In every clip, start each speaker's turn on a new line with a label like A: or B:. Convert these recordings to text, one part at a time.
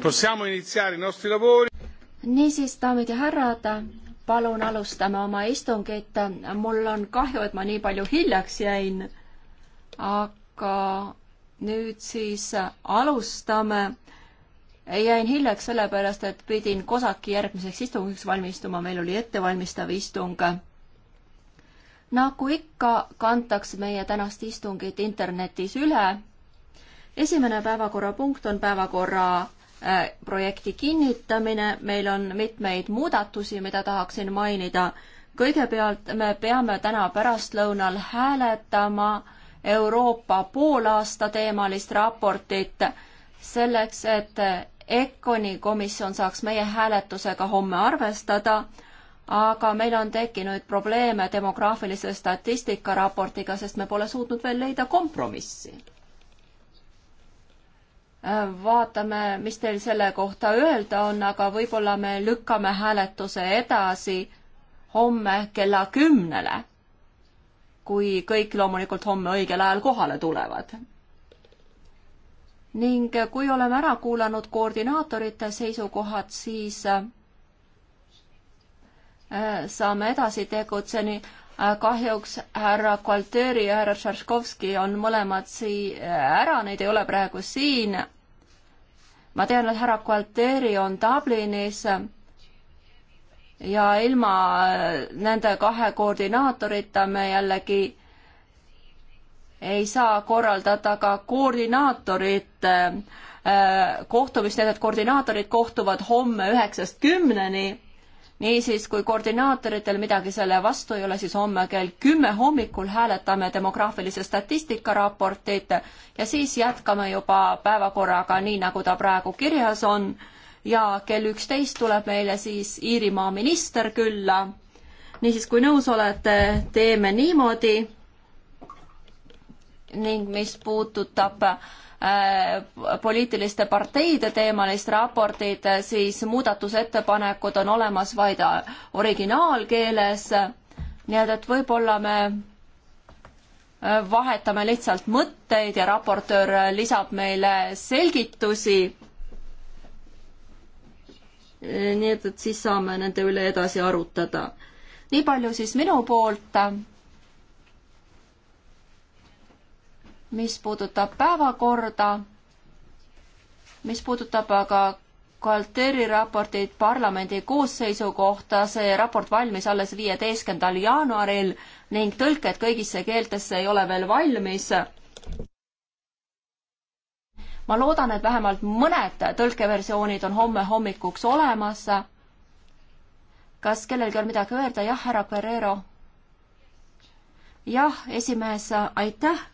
A: Possiamo iniziare i nostri lavori.
B: niisiis, daamid ja härrad, palun alustame oma istungit. mul on kahju, et ma nii palju hiljaks jäin. aga nüüd siis alustame. jäin hiljaks sellepärast, et pidin Kosaki järgmiseks istungiks valmistuma, meil oli ettevalmistav istung nagu ikka, kantakse meie tänast istungit internetis üle esimene päevakorrapunkt on päevakorra äh, projekti kinnitamine, meil on mitmeid muudatusi, mida tahaksin mainida. kõigepealt me peame täna pärastlõunal hääletama Euroopa poolaasta teemalist raportit selleks, et EKONi komisjon saaks meie hääletusega homme arvestada, aga meil on tekkinud probleeme demograafilise statistika raportiga, sest me pole suutnud veel leida kompromissi Äh, vaatame, mis teil selle kohta öelda on, aga võib-olla me lükkame hääletuse edasi homme kella kümnele, kui kõik loomulikult homme õigel ajal kohale tulevad. ning kui oleme ära kuulanud koordinaatorite seisukohad, siis äh, saame edasi tegutseni Äh, kahjuks härra Gualteri ja härra Tšaškovski on mõlemad sii-, äh, ära, neid ei ole praegu siin. ma tean, et härra Gualteri on Dublinis ja ilma äh, nende kahe koordinaatorita me jällegi ei saa korraldada ka koordinaatorite kohtumist, need koordinaatorid kohtuvad homme üheksast kümneni niisiis, kui koordinaatoritel midagi selle vastu ei ole, siis homme kell kümme hommikul hääletame demograafilise statistika raportit ja siis jätkame juba päevakorraga nii, nagu ta praegu kirjas on. ja kell üksteist tuleb meile siis Iirimaa minister külla. niisiis, kui nõus olete, teeme niimoodi. ning mis puudutab äh, Äh, poliitiliste parteide teemalist raportit, äh, siis muudatusettepanekud on olemas vaid äh, originaalkeeles. nii et, et võib-olla me vahetame lihtsalt mõtteid ja raportöör lisab meile selgitusi. nii et, et siis saame nende üle edasi arutada. nii palju siis minu poolt mis puudutab päevakorda, mis puudutab aga Kalteri raportit parlamendi koosseisu kohta, see raport valmis alles viieteistkümnendal jaanuaril ning tõlked kõigisse keeltesse ei ole veel valmis. ma loodan, et vähemalt mõned tõlkeversioonid on homme hommikuks olemas. kas kellelgi on midagi öelda, jah, härra Guerrero? jah, esimees, aitäh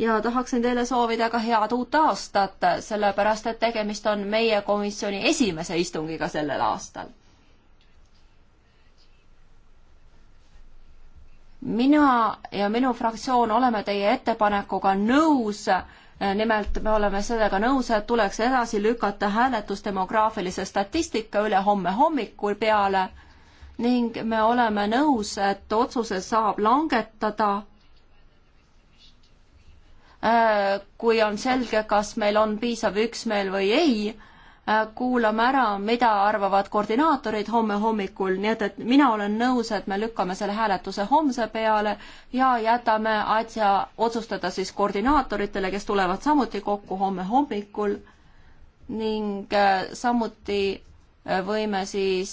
B: ja tahaksin teile soovida ka head uut aastat, sellepärast et tegemist on meie komisjoni esimese istungiga sellel aastal. mina ja minu fraktsioon oleme teie ettepanekuga nõus nimelt me oleme sellega nõus, et tuleks edasi lükata hääletus demograafilise statistika üle homme hommikul peale ning me oleme nõus, et otsuse saab langetada Äh, kui on selge, kas meil on piisav üksmeel või ei, äh, kuulame ära, mida arvavad koordinaatorid homme hommikul, nii et, et mina olen nõus, et me lükkame selle hääletuse homse peale ja jätame asja otsustada siis koordinaatoritele, kes tulevad samuti kokku homme hommikul ning äh, samuti võime siis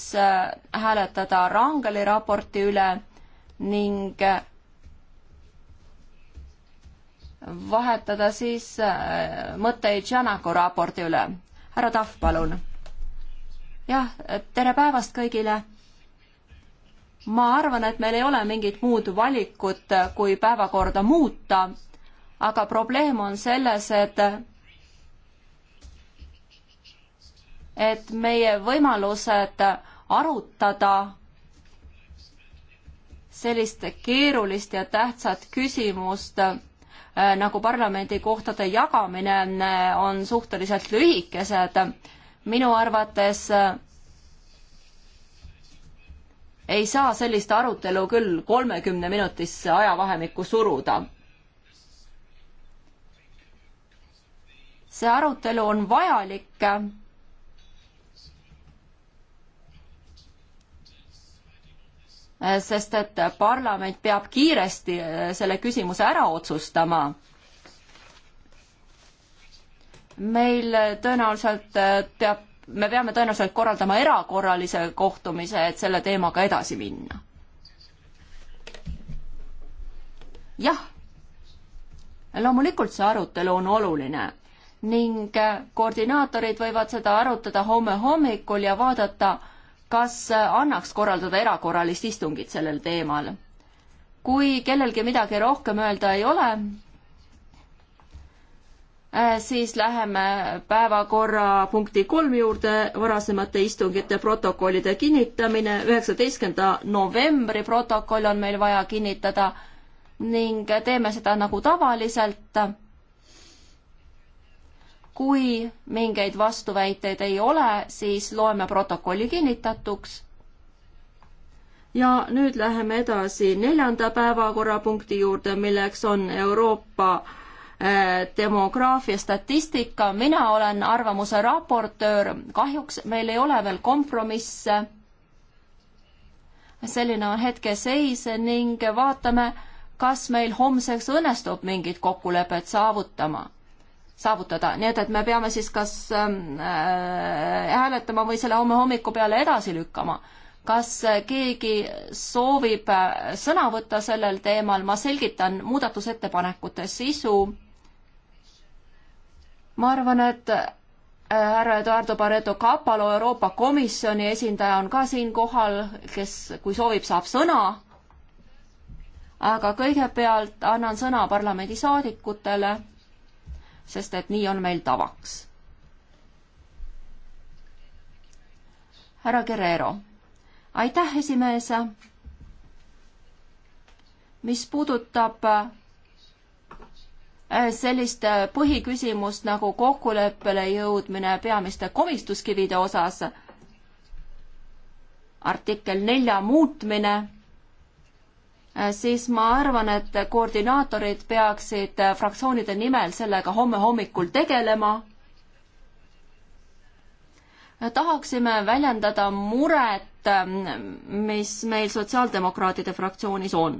B: hääletada Rangeli raporti üle ning vahetada siis äh, mõtteid Janako raporti üle. härra Tahv, palun. jah, tere päevast kõigile. ma arvan, et meil ei ole mingit muud valikut, äh, kui päevakorda muuta, aga probleem on selles, et et meie võimalused arutada sellist keerulist ja tähtsat küsimust Äh, nagu parlamendikohtade jagamine äh, on suhteliselt lühikesed. minu arvates äh, ei saa sellist arutelu küll kolmekümne minutisse ajavahemikku suruda. see arutelu on vajalik Äh, sest et parlament peab kiiresti äh, selle küsimuse ära otsustama. meil äh, tõenäoliselt peab, me peame tõenäoliselt korraldama erakorralise kohtumise, et selle teemaga edasi minna. jah, loomulikult see arutelu on oluline ning koordinaatorid võivad seda arutada homme hommikul ja vaadata, kas annaks korraldada erakorralist istungit sellel teemal. kui kellelgi midagi rohkem öelda ei ole, äh, siis läheme päevakorrapunkti kolm juurde, varasemate istungite protokollide kinnitamine, üheksateistkümnenda novembri protokoll on meil vaja kinnitada ning teeme seda nagu tavaliselt kui mingeid vastuväiteid ei ole, siis loeme protokolli kinnitatuks. ja nüüd läheme edasi neljanda päevakorrapunkti juurde, milleks on Euroopa eh, demograafia statistika, mina olen arvamuse raportöör, kahjuks meil ei ole veel kompromisse. selline on hetkeseis ning vaatame, kas meil homseks õnnestub mingit kokkulepet saavutama saavutada, nii et, et me peame siis kas ähm, äh, hääletama või selle homme hommiku peale edasi lükkama. kas äh, keegi soovib äh, sõna võtta sellel teemal, ma selgitan muudatusettepanekute sisu. ma arvan, et härra Eduardo Barreto Capalo, Euroopa Komisjoni esindaja on ka siin kohal, kes, kui soovib, saab sõna. aga kõigepealt annan sõna parlamendisaadikutele sest et nii on meil tavaks. härra Guerrero, aitäh, esimees. mis puudutab äh, sellist äh, põhiküsimust nagu kokkuleppele jõudmine peamiste komistuskivide osas, artikkel nelja muutmine Äh, siis ma arvan, et koordinaatorid peaksid äh, fraktsioonide nimel sellega homme hommikul tegelema. Äh, tahaksime väljendada muret, ähm, mis meil sotsiaaldemokraatide fraktsioonis on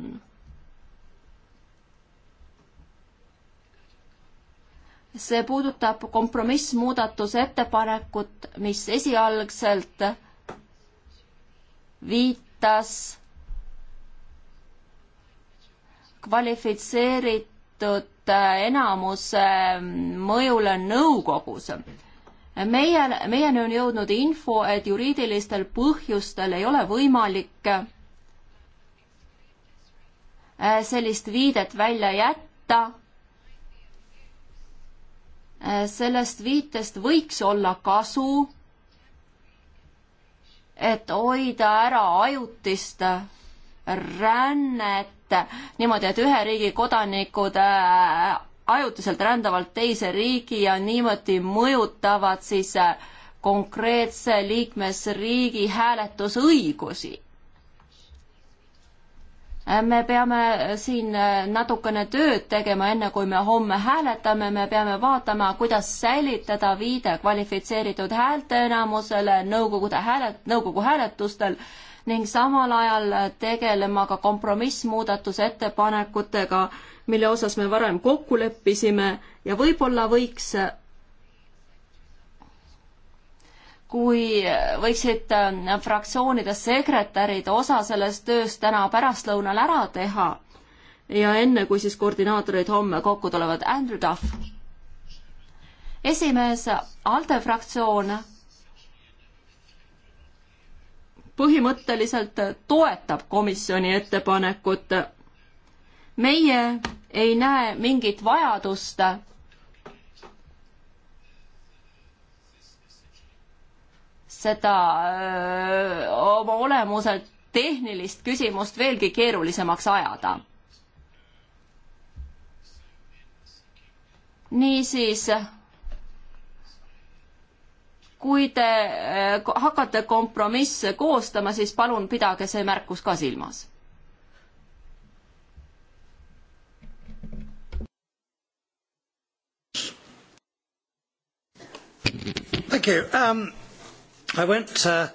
B: see puudutab kompromissmuudatuse ettepanekut, mis esialgselt viitas kvalifitseeritud äh, enamuse mm, mõjule nõukogus. meie, meieni on jõudnud info, et juriidilistel põhjustel ei ole võimalik äh, sellist viidet välja jätta. Äh, sellest viitest võiks olla kasu, et hoida ära ajutist rännet kätte niimoodi, et ühe riigi kodanikud äh, ajutiselt rändavalt teise riigi ja niimoodi mõjutavad siis äh, konkreetse liikmesriigi hääletusõigusi. Äh, me peame siin natukene tööd tegema, enne kui me homme hääletame, me peame vaatama, kuidas säilitada viide kvalifitseeritud häälteenamusele nõukogude hääle, nõukogu hääletustel ning samal ajal tegelema ka kompromissmuudatuse ettepanekutega, mille osas me varem kokku leppisime ja võib-olla võiks kui võiksid äh, fraktsioonide sekretärid osa sellest tööst täna pärastlõunal ära teha ja enne, kui siis koordinaatorid homme kokku tulevad. Andrew Duff. esimees, ALDE fraktsioon põhimõtteliselt toetab komisjoni ettepanekut. meie ei näe mingit vajadust seda öö, oma olemuselt tehnilist küsimust veelgi keerulisemaks ajada. niisiis kui te eh, hakkate kompromisse koostama, siis palun pidage see märkus ka silmas
C: Um,
A: uh,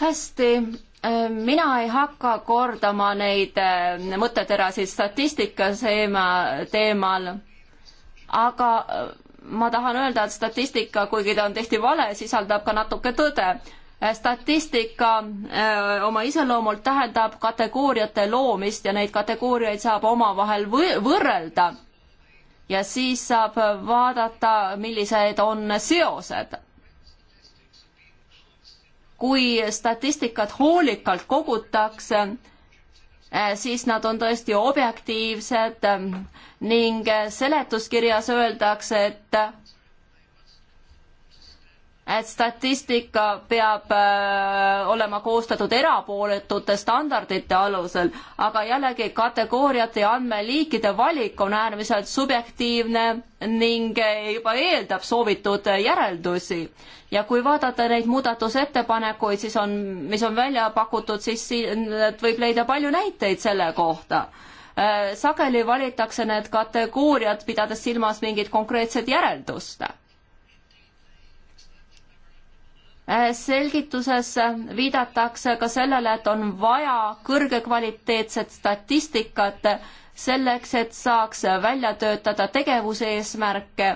C: hästi, eh,
B: mina ei hakka kordama neid eh, mõtteterasid statistika teema, teemal, aga ma tahan öelda, et statistika, kuigi ta on tihti vale, sisaldab ka natuke tõde. statistika öö, äh, oma iseloomult tähendab kategooriate loomist ja neid kategooriaid saab omavahel võrrelda. ja siis saab vaadata, millised on seosed. kui statistikat hoolikalt kogutakse, Äh, siis nad on tõesti objektiivsed ähm, ning äh, seletuskirjas öeldakse, et et statistika peab äh, olema koostatud erapooletute standardite alusel, aga jällegi kategooriate ja andmeliikide valik on äärmiselt subjektiivne ning juba eeldab soovitud järeldusi. ja kui vaadata neid muudatusettepanekuid, siis on, mis on välja pakutud, siis siin võib leida palju näiteid selle kohta äh, sageli valitakse need kategooriad, pidades silmas mingit konkreetset järeldust Äh, selgituses viidatakse ka sellele, et on vaja kõrgekvaliteetset statistikat selleks, et saaks välja töötada tegevuse eesmärke.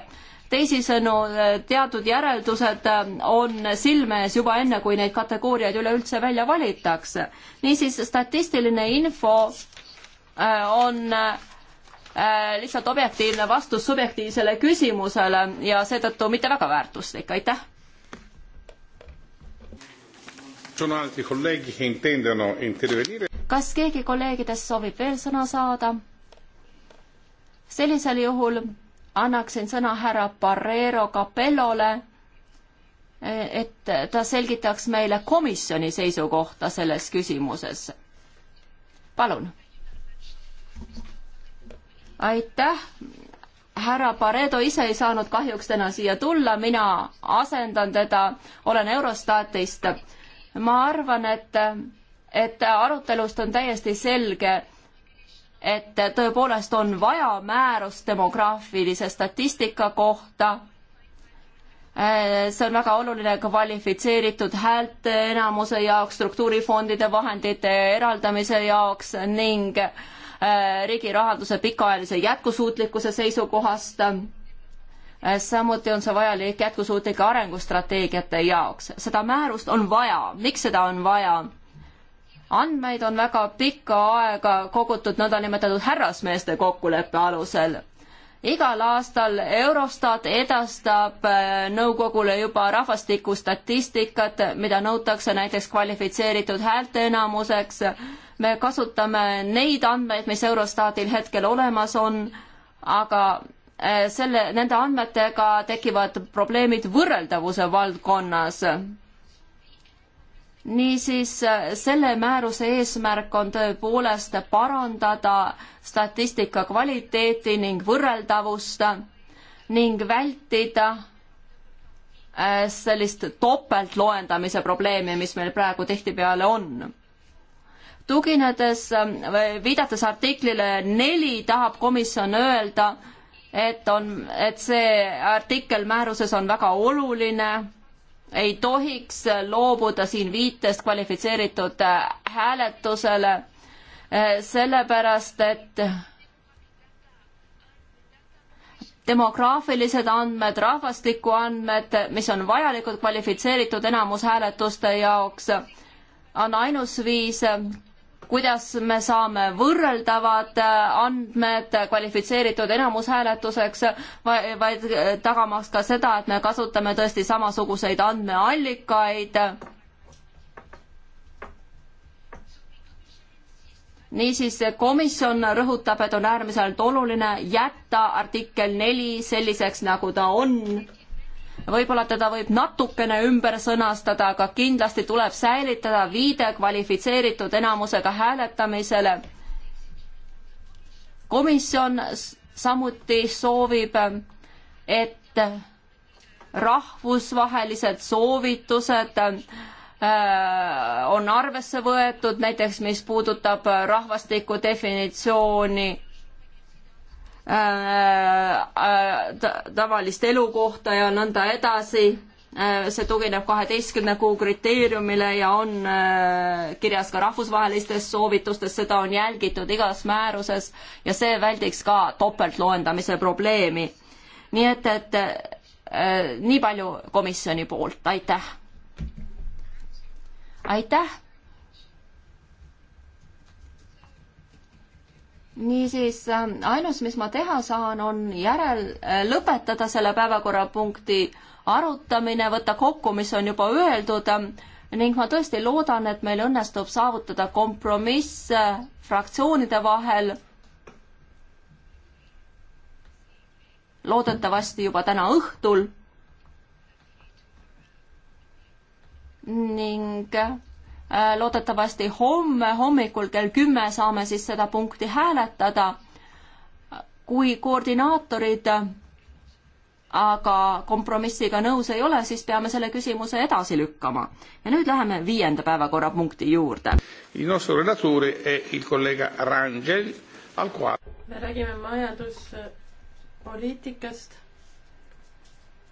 B: teisisõnu, äh, teatud järeldused äh, on silme ees juba enne, kui neid kategooriaid üleüldse välja valitakse. niisiis, statistiline info on lihtsalt objektiivne vastus subjektiivsele küsimusele ja seetõttu mitte väga
A: väärtuslik,
B: aitäh kas keegi kolleegidest soovib veel sõna saada? sellisel juhul annaksin sõna härra Barrero Capellole, et ta selgitaks meile komisjoni seisukohta selles küsimuses. palun. aitäh, härra Paredo ise ei saanud kahjuks täna siia tulla, mina asendan teda, olen Eurostatist ma arvan, et, et arutelust on täiesti selge, et tõepoolest on vaja määrust demograafilise statistika kohta. see on väga oluline kvalifitseeritud häälte enamuse jaoks, struktuurifondide vahendite eraldamise jaoks ning äh, riigi rahanduse pikaajalise jätkusuutlikkuse seisukohast Äh, samuti on see vajalik jätkusuutlike arengustrateegiate jaoks. seda määrust on vaja, miks seda on vaja? andmeid on väga pikka aega kogutud nõndanimetatud härrasmeeste kokkuleppe alusel. igal aastal Eurostat edastab äh, nõukogule juba rahvastikustatistikat, mida nõutakse näiteks kvalifitseeritud häälteenamuseks. me kasutame neid andmeid, mis Eurostatil hetkel olemas on, aga Äh, selle, nende andmetega tekivad probleemid võrreldavuse valdkonnas. niisiis, äh, selle määruse eesmärk on tõepoolest parandada statistika kvaliteeti ning võrreldavust ning vältida äh, sellist topeltloendamise probleemi, mis meil praegu tihtipeale on. tuginedes või viidates artiklile neli, tahab komisjon öelda, et on, et see artikkel määruses on väga oluline, ei tohiks loobuda siin viitest kvalifitseeritud äh, hääletusele, äh, sellepärast et demograafilised andmed, rahvastikuandmed, mis on vajalikud kvalifitseeritud enamushääletuste jaoks, on ainus viis, kuidas me saame võrreldavad äh, andmed kvalifitseeritud enamushääletuseks, vaid äh, tagamaks ka seda, et me kasutame tõesti samasuguseid andmeallikaid. niisiis, komisjon rõhutab, et on äärmiselt oluline jätta artikkel neli selliseks, nagu ta on võib-olla teda võib natukene ümber sõnastada, aga kindlasti tuleb säilitada viide kvalifitseeritud enamusega hääletamisele. komisjon samuti soovib, et rahvusvahelised soovitused äh, on arvesse võetud, näiteks mis puudutab rahvastiku definitsiooni Äh, äh, tavalist elukohta ja nõnda edasi. Äh, see tugineb kaheteistkümne kuu kriteeriumile ja on kirjas ka rahvusvahelistes soovitustes, seda on jälgitud igas määruses ja see väldiks ka topeltloendamise probleemi. nii et, et nii palju komisjoni poolt, aitäh. aitäh niisiis äh, ainus, mis ma teha saan, on järel äh, lõpetada selle päevakorrapunkti arutamine, võtta kokku, mis on juba öeldud äh, ning ma tõesti loodan, et meil õnnestub saavutada kompromiss fraktsioonide vahel. loodetavasti juba täna õhtul. ning Äh, loodetavasti homme hommikul kell kümme saame siis seda punkti hääletada. kui koordinaatorid aga kompromissiga nõus ei ole, siis peame selle küsimuse edasi lükkama. ja nüüd läheme viienda päevakorrapunkti juurde. me
D: räägime majanduspoliitikast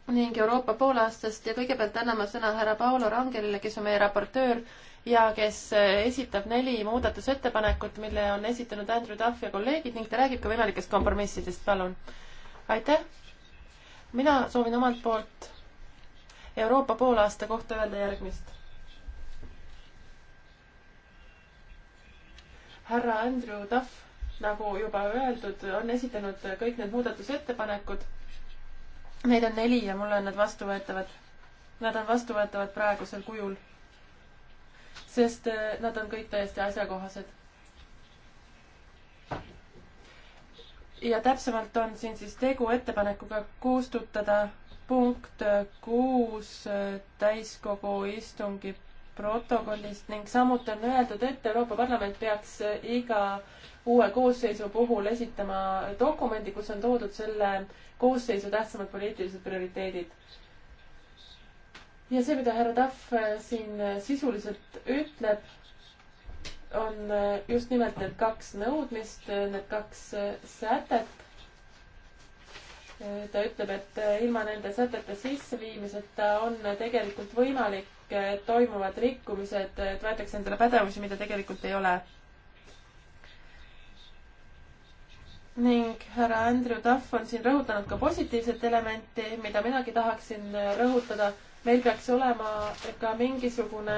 D: ning Euroopa poolaastast ja kõigepealt anname sõna härra Paolo Rangelile, kes on meie raportöör ja kes äh, esitab neli muudatusettepanekut, mille on esitanud Andrew Duff ja kolleegid ning ta räägib ka võimalikest kompromissidest, palun. aitäh! mina soovin omalt poolt Euroopa poolaasta kohta öelda järgmist. härra Andrew Duff, nagu juba öeldud, on esitanud kõik need muudatusettepanekud. Neid on neli ja mulle on nad vastuvõetavad. Nad on vastuvõetavad praegusel kujul sest äh, nad on kõik täiesti asjakohased. ja täpsemalt on siin siis tegu ettepanekuga kustutada punkt kuus äh, täiskogu istungi protokollist ning samuti on öeldud, et Euroopa Parlament peaks äh, iga uue koosseisu puhul esitama dokumendi, kus on toodud selle koosseisu tähtsamad poliitilised prioriteedid ja see, mida härra Tahv äh, siin äh, sisuliselt ütleb, on äh, just nimelt need kaks nõudmist, need kaks sätet. ta ütleb, et ilma nende sätete sisseviimiseta on tegelikult võimalik, et toimuvad rikkumised, et võetakse endale pädevusi, mida tegelikult ei ole. ning härra Andrew Duff on siin rõhutanud ka positiivset elementi, mida minagi tahaksin rõhutada meil peaks olema ka mingisugune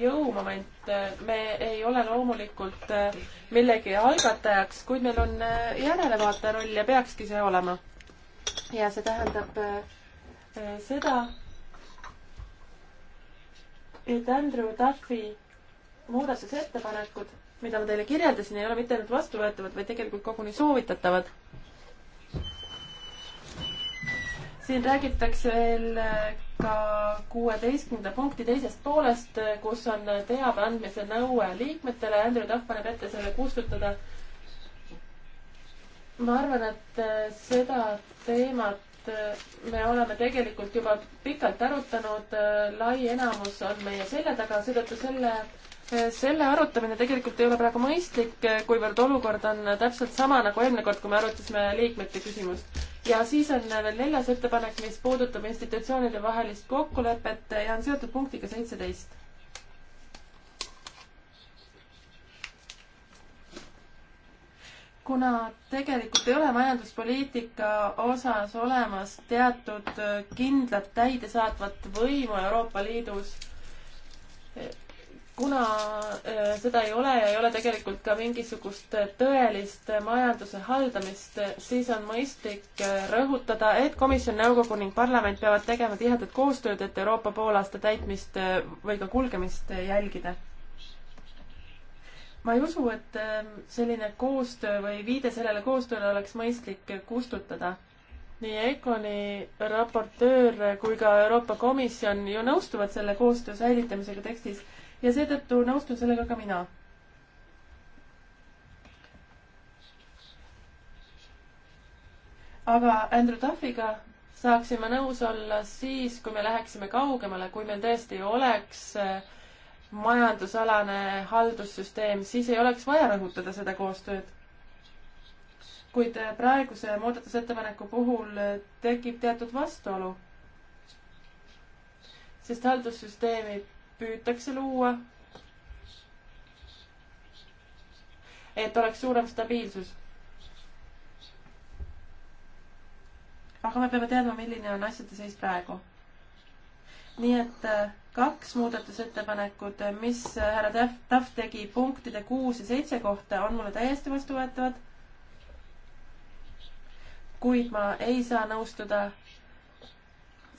D: jõumoment. me ei ole loomulikult äh, millegi algatajaks, kuid meil on äh, järelevaataja roll ja peakski see olema. ja see tähendab äh, seda, et Andrew Duffy muudatusettepanekud, mida ma teile kirjeldasin, ei ole mitte ainult vastuvõetavad, vaid tegelikult koguni soovitatavad siin räägitakse veel äh, ka kuueteistkümnenda punkti teisest poolest, äh, kus on teabe andmise nõue liikmetele. Andrew Duff paneb ette selle kustutada. ma arvan, et äh, seda teemat me oleme tegelikult juba pikalt arutanud. lai enamus on meie selja taga, seetõttu selle, selle arutamine tegelikult ei ole praegu mõistlik, kuivõrd olukord on täpselt sama nagu eelmine kord, kui me arutasime liikmete küsimust ja siis on veel neljas ettepanek, mis puudutab institutsioonide vahelist kokkulepet ja on seotud punktiga seitseteist. kuna tegelikult ei ole majanduspoliitika osas olemas teatud kindlat täidesaatvat võimu Euroopa Liidus, kuna äh, seda ei ole ja ei ole tegelikult ka mingisugust tõelist majanduse haldamist, siis on mõistlik äh, rõhutada, et komisjon, nõukogu ning parlament peavad tegema tihedat koostööd, et Euroopa poolaasta täitmist äh, või ka kulgemist jälgida. ma ei usu, et ähm, selline koostöö või viide sellele koostööle oleks mõistlik kustutada nii EKONi raportöör kui ka Euroopa Komisjon ju nõustuvad selle koostöö säilitamisega tekstis ja seetõttu nõustun sellega ka mina. aga Andrew Duffiga saaksime nõus olla siis, kui me läheksime kaugemale, kui meil tõesti oleks äh, majandusalane haldussüsteem, siis ei oleks vaja rõhutada seda koostööd kuid äh, praeguse muudatusettepaneku puhul äh, tekib teatud vastuolu, sest haldussüsteemid püütakse luua, et oleks suurem stabiilsus. aga me peame teadma, milline on asjade seis praegu. nii et äh, kaks muudatusettepanekut, äh, mis äh, härra Tahv, Tahv tegi punktide kuus ja seitse kohta, on mulle täiesti vastuvõetavad. kuid ma ei saa nõustuda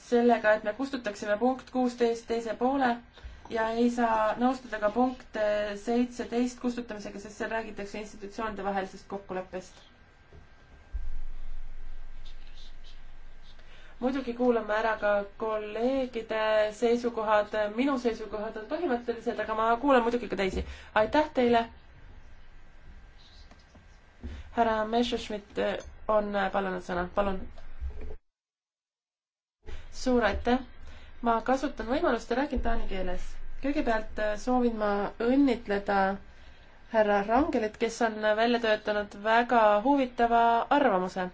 D: sellega, et me kustutaksime punkt kuusteist teise poole ja ei saa nõustuda ka punkt seitseteist kustutamisega, sest seal räägitakse institutsioonide vahelisest kokkuleppest. muidugi kuulame ära ka kolleegide seisukohad, minu seisukohad on põhimõttelised, aga ma kuulan muidugi ka teisi. aitäh teile. härra Messerschmidt on palunud sõna, palun. suur aitäh ma kasutan võimalust ja räägin taani keeles. kõigepealt äh, soovin ma õnnitleda härra Rangelit, kes on välja töötanud väga huvitava arvamuse.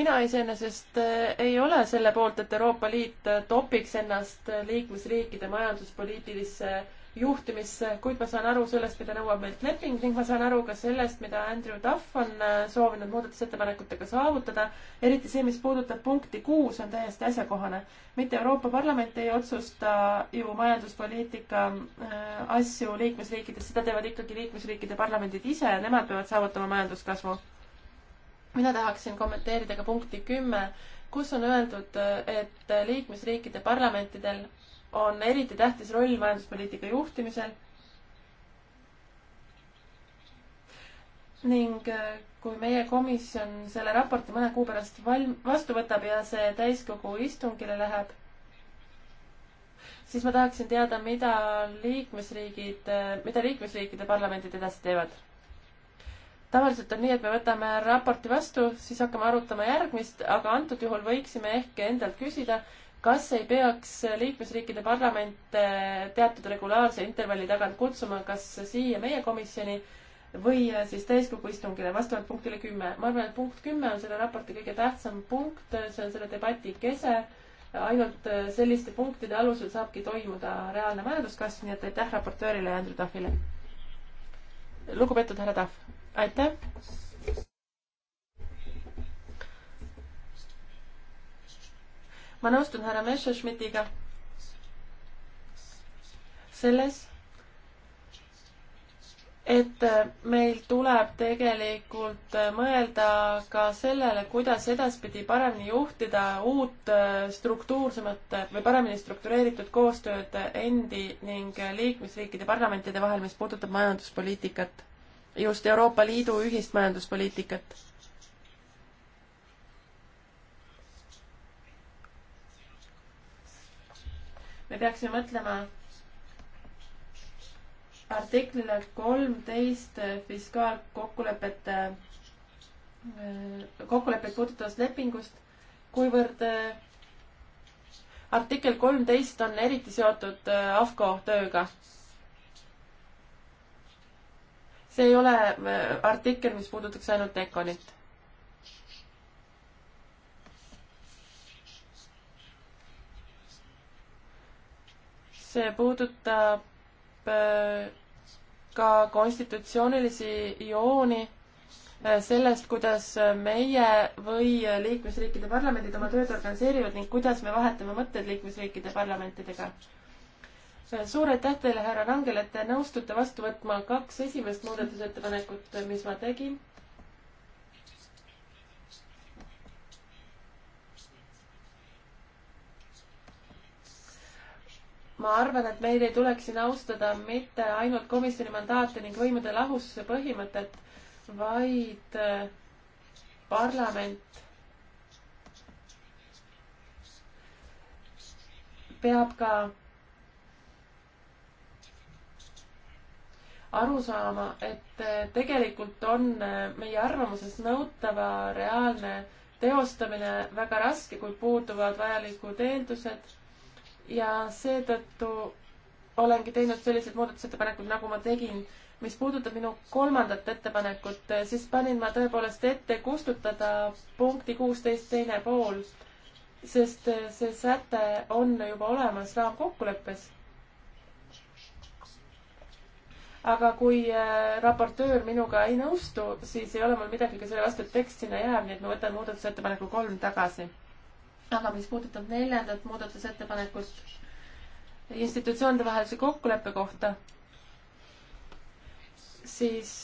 D: mina iseenesest äh, ei ole selle poolt, et Euroopa Liit äh, topiks ennast liikmesriikide majanduspoliitilisse juhtimisse, kuid ma saan aru sellest, mida nõuab meilt leping ning ma saan aru ka sellest, mida Andrew Duff on äh, soovinud muudatusettepanekutega saavutada. eriti see, mis puudutab punkti kuus, on täiesti asjakohane. mitte Euroopa Parlament ei otsusta ju majanduspoliitika äh, asju liikmesriikides, seda teevad ikkagi liikmesriikide parlamendid ise, nemad peavad saavutama majanduskasvu. mina tahaksin kommenteerida ka punkti kümme kus on öeldud, äh, et liikmesriikide parlamentidel on eriti tähtis roll majanduspoliitika juhtimisel ning äh, kui meie komisjon selle raporti mõne kuu pärast valm-, vastu võtab ja see täiskogu istungile läheb, siis ma tahaksin teada, mida liikmesriigid, mida liikmesriikide parlamendid edasi teevad. tavaliselt on nii, et me võtame raporti vastu, siis hakkame arutama järgmist, aga antud juhul võiksime ehk endalt küsida, kas ei peaks liikmesriikide parlamente teatud regulaarse intervalli tagant kutsuma kas siia meie komisjoni või siis täiskogu istungile vastavalt punktile kümme. ma arvan, et punkt kümme on selle raporti kõige tähtsam punkt, see on selle debati kese. ainult selliste punktide alusel saabki toimuda reaalne majanduskasv, nii et aitäh raportöörile ja Andrew Duffile. lugupeetud härra Duff, aitäh. ma nõustun härra Messerschmittiga selles, et meil tuleb tegelikult mõelda ka sellele, kuidas edaspidi paremini juhtida uut struktuursemat või paremini struktureeritud koostööd endi ning liikmesriikide parlamentide vahel, mis puudutab majanduspoliitikat, just Euroopa Liidu ühist majanduspoliitikat me peaksime mõtlema artiklile kolmteist fiskaalkokkulepet, äh, kokkulepet puudutavast lepingust, kuivõrd äh, artikkel kolmteist on eriti seotud äh, AFCO tööga. see ei ole artikkel, mis puudutaks ainult Econit see puudutab äh, ka konstitutsioonilisi jooni äh, sellest, kuidas meie või liikmesriikide parlamendid oma tööd organiseerivad ning kuidas me vahetame mõtteid liikmesriikide parlamentidega. Äh, suur aitäh teile, härra Rangel, et te nõustute vastu võtma kaks esimest muudatusettepanekut, mis ma tegin ma arvan, et meil ei tuleks siin austada mitte ainult komisjoni mandaate ning võimude lahususe põhimõtet, vaid äh, parlament peab ka aru saama, et äh, tegelikult on äh, meie arvamuses nõutava reaalne teostamine väga raske, kui puuduvad vajalikud eeldused ja seetõttu olengi teinud sellised muudatusettepanekud, nagu ma tegin. mis puudutab minu kolmandat ettepanekut, siis panin ma tõepoolest ette kustutada punkti kuusteist teine pool, sest see säte on juba olemas raamkokkuleppes aga kui äh, raportöör minuga ei nõustu, siis ei ole mul midagi ka selle vastu, et tekst sinna jääb, nii et ma võtan muudatusettepaneku kolm tagasi aga mis puudutab neljandat muudatusettepanekust institutsioonide vahelise kokkuleppe kohta, siis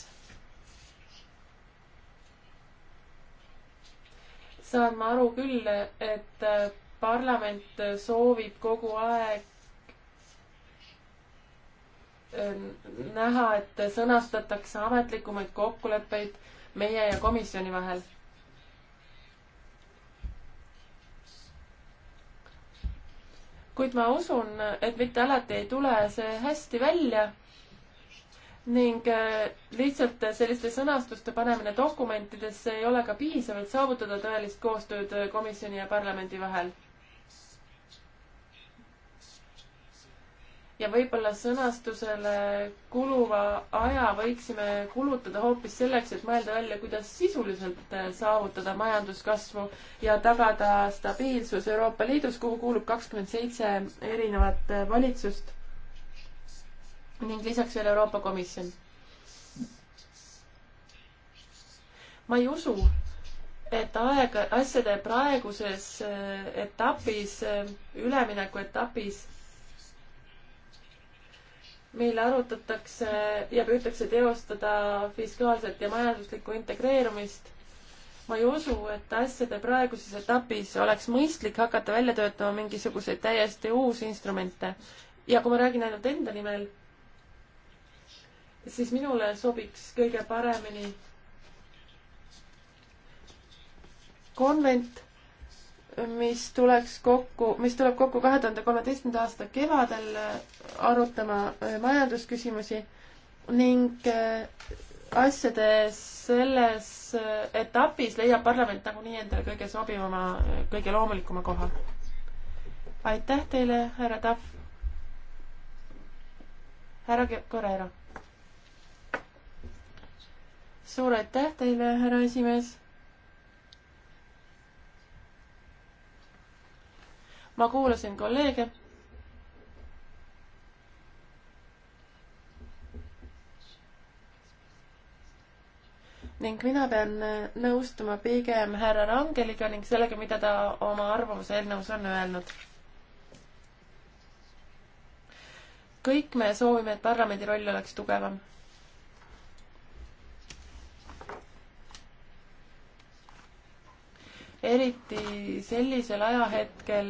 D: saan ma aru küll, et parlament soovib kogu aeg näha, et sõnastatakse ametlikumaid kokkuleppeid meie ja komisjoni vahel kuid ma usun, et mitte alati ei tule see hästi välja ning äh, lihtsalt selliste sõnastuste panemine dokumentidesse ei ole ka piisav, et saavutada tõelist koostööd äh, komisjoni ja parlamendi vahel ja võib-olla sõnastusele kuluva aja võiksime kulutada hoopis selleks, et mõelda välja, kuidas sisuliselt äh, saavutada majanduskasvu ja tagada stabiilsus Euroopa Liidus, kuhu kuulub kakskümmend seitse erinevat äh, valitsust ning lisaks veel Euroopa Komisjon. ma ei usu, et aeg, asjade praeguses äh, etapis, üleminekuetapis mil arutatakse ja püütakse teostada fiskaalset ja majanduslikku integreerumist. ma ei usu, et asjade praeguses etapis oleks mõistlik hakata välja töötama mingisuguseid täiesti uusi instrumente. ja kui ma räägin ainult enda nimel, siis minule sobiks kõige paremini konvent mis tuleks kokku, mis tuleb kokku kahe tuhande kolmeteistkümnenda aasta kevadel äh, arutama äh, majandusküsimusi ning äh, asjade selles etapis leiab parlament nagunii endale kõige sobivama, kõige loomulikuma koha. aitäh teile, härra Tahv. härra Correra. suur aitäh teile, härra esimees ma kuulasin kolleege. ning mina pean äh, nõustuma pigem härra Rangeliga ning sellega, mida ta oma arvamuse eelnõus on öelnud. kõik me soovime, et parlamendi roll oleks tugevam eriti sellisel ajahetkel,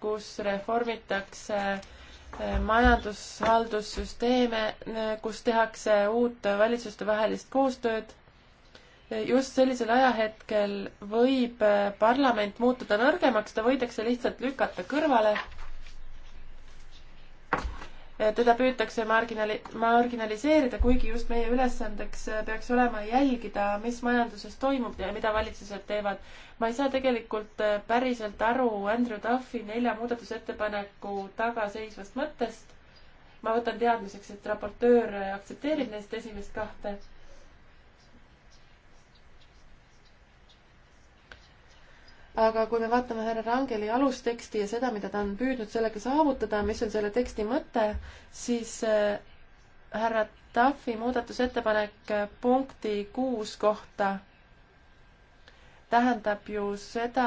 D: kus reformitakse eh, majandushaldussüsteeme, eh, kus tehakse uut valitsustevahelist koostööd. Eh, just sellisel ajahetkel võib parlament muutuda nõrgemaks, ta võidakse lihtsalt lükata kõrvale teda püütakse marginali-, marginaliseerida, kuigi just meie ülesandeks äh, peaks olema jälgida, mis majanduses toimub ja mida valitsused teevad. ma ei saa tegelikult äh, päriselt aru Andrew Duffy nelja muudatusettepaneku tagaseisvast mõttest. ma võtan teadmiseks, et raportöör äh, aktsepteerib neist esimest kahte aga kui me vaatame härra Rangeli alusteksti ja seda, mida ta on püüdnud sellega saavutada, mis on selle teksti mõte, siis äh, härra Tafi muudatusettepanek äh, punkti kuus kohta tähendab ju seda,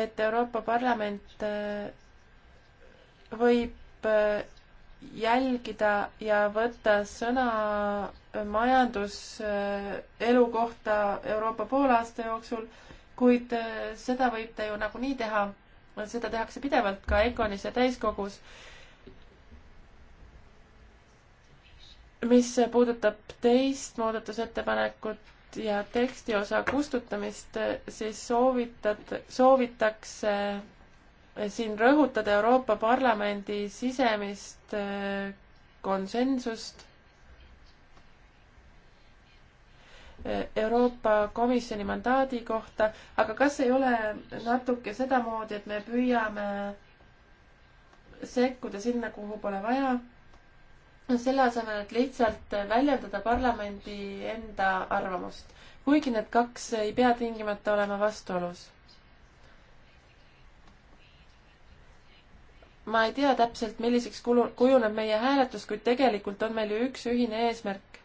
D: et Euroopa Parlament äh, võib jälgida ja võtta sõna majanduselu kohta Euroopa poolaasta jooksul kuid äh, seda võib ta ju nagunii teha, seda tehakse pidevalt ka Econis ja täiskogus. mis puudutab teist muudatusettepanekut ja teksti osa kustutamist, siis soovitad, soovitakse äh, siin rõhutada Euroopa Parlamendi sisemist äh, konsensust Euroopa Komisjoni mandaadi kohta, aga kas ei ole natuke sedamoodi, et me püüame sekkuda sinna, kuhu pole vaja? selle asemel, et lihtsalt väljendada parlamendi enda arvamust, kuigi need kaks ei pea tingimata olema vastuolus ma ei tea täpselt, milliseks kulu, kujuneb meie hääletus, kuid tegelikult on meil ju üks ühine eesmärk.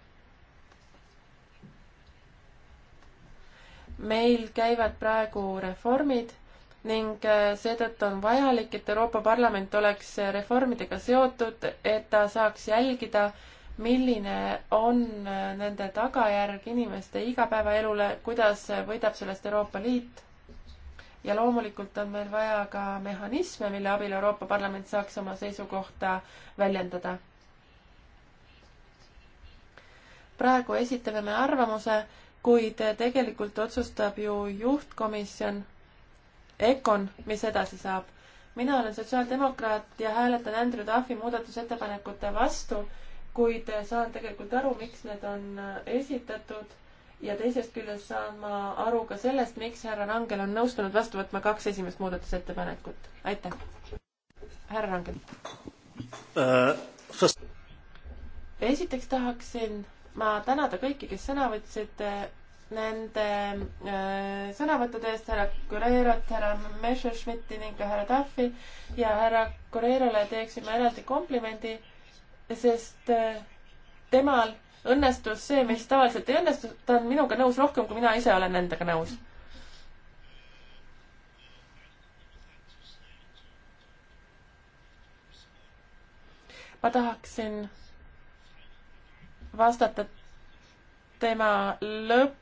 D: meil käivad praegu reformid ning äh, seetõttu on vajalik, et Euroopa Parlament oleks reformidega seotud, et ta saaks jälgida, milline on äh, nende tagajärg inimeste igapäevaelule, kuidas võidab sellest Euroopa Liit. ja loomulikult on meil vaja ka mehhanisme, mille abil Euroopa Parlament saaks oma seisukohta väljendada. praegu esitame me arvamuse kuid tegelikult otsustab ju juhtkomisjon, EKON, mis edasi saab. mina olen sotsiaaldemokraat ja hääletan Andrew Duffy muudatusettepanekute vastu, kuid saan tegelikult aru, miks need on esitatud ja teisest küljest saan ma aru ka sellest, miks härra Rangel on nõustunud vastu võtma kaks esimest muudatusettepanekut. aitäh. härra Rangel
A: uh,. First...
D: esiteks tahaksin ma tänada kõiki, kes sõna võtsid eh, nende äh, sõnavõttude eest härra Guerrerat, härra Messerschmitti ning ka härra Taffi ja härra Guerrerale teeksin ma eraldi komplimendi, sest äh, temal õnnestus see, mis tavaliselt ei õnnestu, ta on minuga nõus rohkem, kui mina ise olen endaga nõus. ma tahaksin vastata tema lõpp,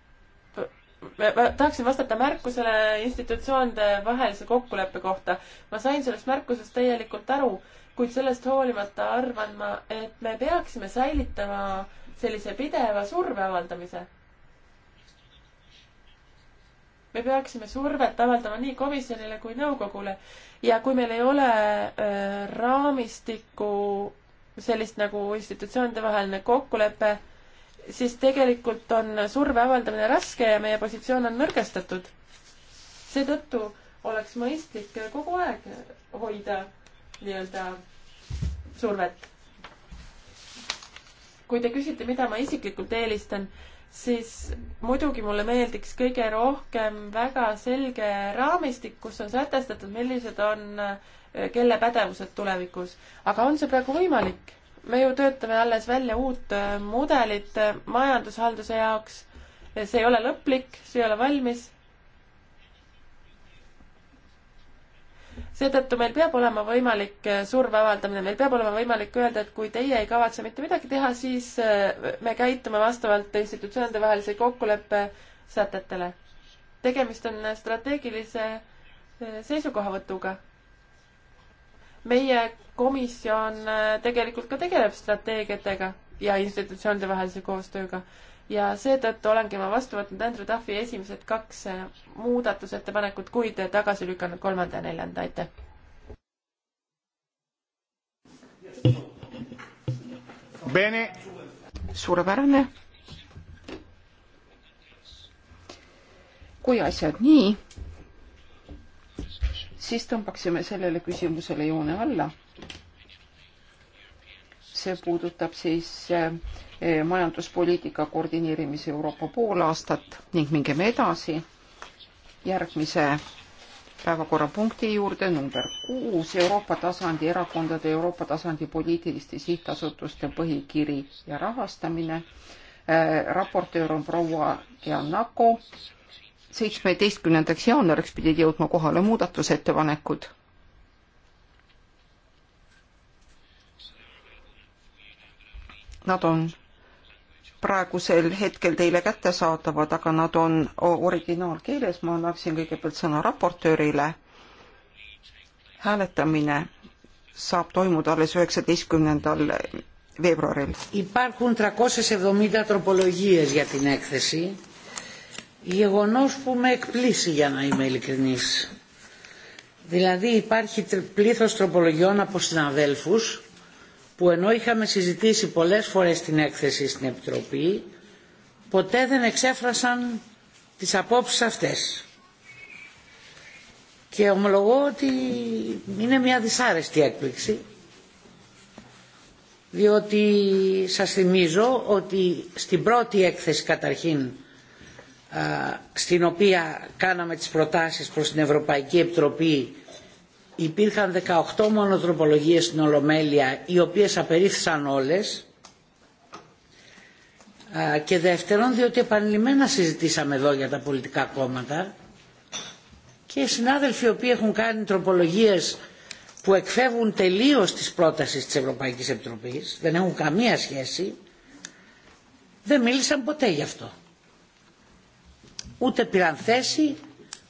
D: tahaksin vastata märkusele institutsioonide vahelise kokkuleppe kohta. ma sain sellest märkusest täielikult aru, kuid sellest hoolimata arvan ma, et me peaksime säilitama sellise pideva surve avaldamise. me peaksime survet avaldama nii komisjonile kui nõukogule ja kui meil ei ole äh, raamistikku sellist nagu institutsioonide vaheline kokkulepe, siis tegelikult on surve avaldamine raske ja meie positsioon on nõrgestatud. seetõttu oleks mõistlik kogu aeg hoida nii-öelda survet. kui te küsite, mida ma isiklikult eelistan, siis muidugi mulle meeldiks kõige rohkem väga selge raamistik, kus on sätestatud, millised on äh, kelle pädevused tulevikus. aga on see praegu võimalik? me ju töötame alles välja uut äh, mudelit äh, majandushalduse jaoks. see ei ole lõplik, see ei ole valmis. seetõttu meil peab olema võimalik äh, surve avaldamine, meil peab olema võimalik öelda, et kui teie ei kavatse mitte midagi teha, siis me käitume vastavalt institutsioonide vahelise kokkuleppe sätetele. tegemist on strateegilise seisukohavõtuga meie komisjon äh, tegelikult ka tegeleb strateegiatega ja institutsioonide vahelise koostööga ja seetõttu olengi ma vastu võtnud Andrew Duffy esimesed kaks äh, muudatusettepanekut, kuid tagasi lükanud kolmanda ja neljanda, aitäh.
E: Bene. suurepärane. kui asjad nii siis tõmbaksime sellele küsimusele joone alla. see puudutab siis eh, majanduspoliitika koordineerimise Euroopa poolaastat ning mingime edasi järgmise päevakorrapunkti juurde number kuus Euroopa tasandi erakondade Euroopa tasandi poliitiliste sihtasutuste põhikiri ja rahastamine äh,. raportöör on proua Giannako seitsmeteistkümnendaks jaanuariks pidid jõudma kohale muudatusettepanekud. Nad on praegusel hetkel teile kättesaadavad, aga nad on originaalkeeles, ma annaksin kõigepealt sõna raportöörile. hääletamine saab
C: toimuda alles üheksateistkümnendal veebruaril. Υπάρχουν 370 τροπολογίες για την έκθεση γεγονός που με εκπλήσει για να είμαι ειλικρινής. Δηλαδή υπάρχει πλήθος τροπολογιών από συναδέλφους που ενώ είχαμε συζητήσει πολλές φορές την έκθεση στην Επιτροπή ποτέ δεν εξέφρασαν τις απόψεις αυτές. Και ομολογώ ότι είναι μια δυσάρεστη έκπληξη διότι σας θυμίζω ότι στην πρώτη έκθεση καταρχήν στην οποία κάναμε τις προτάσεις προς την Ευρωπαϊκή Επιτροπή υπήρχαν 18 μόνο τροπολογίες στην Ολομέλεια οι οποίες απερίφθησαν όλες και δεύτερον διότι επανειλημμένα συζητήσαμε εδώ για τα πολιτικά κόμματα και συνάδελφοι οι οποίοι έχουν κάνει τροπολογίες που εκφεύγουν τελείως τις πρότασεις της Ευρωπαϊκής Επιτροπής δεν έχουν καμία σχέση δεν μίλησαν ποτέ γι' αυτό ούτε πήραν θέση,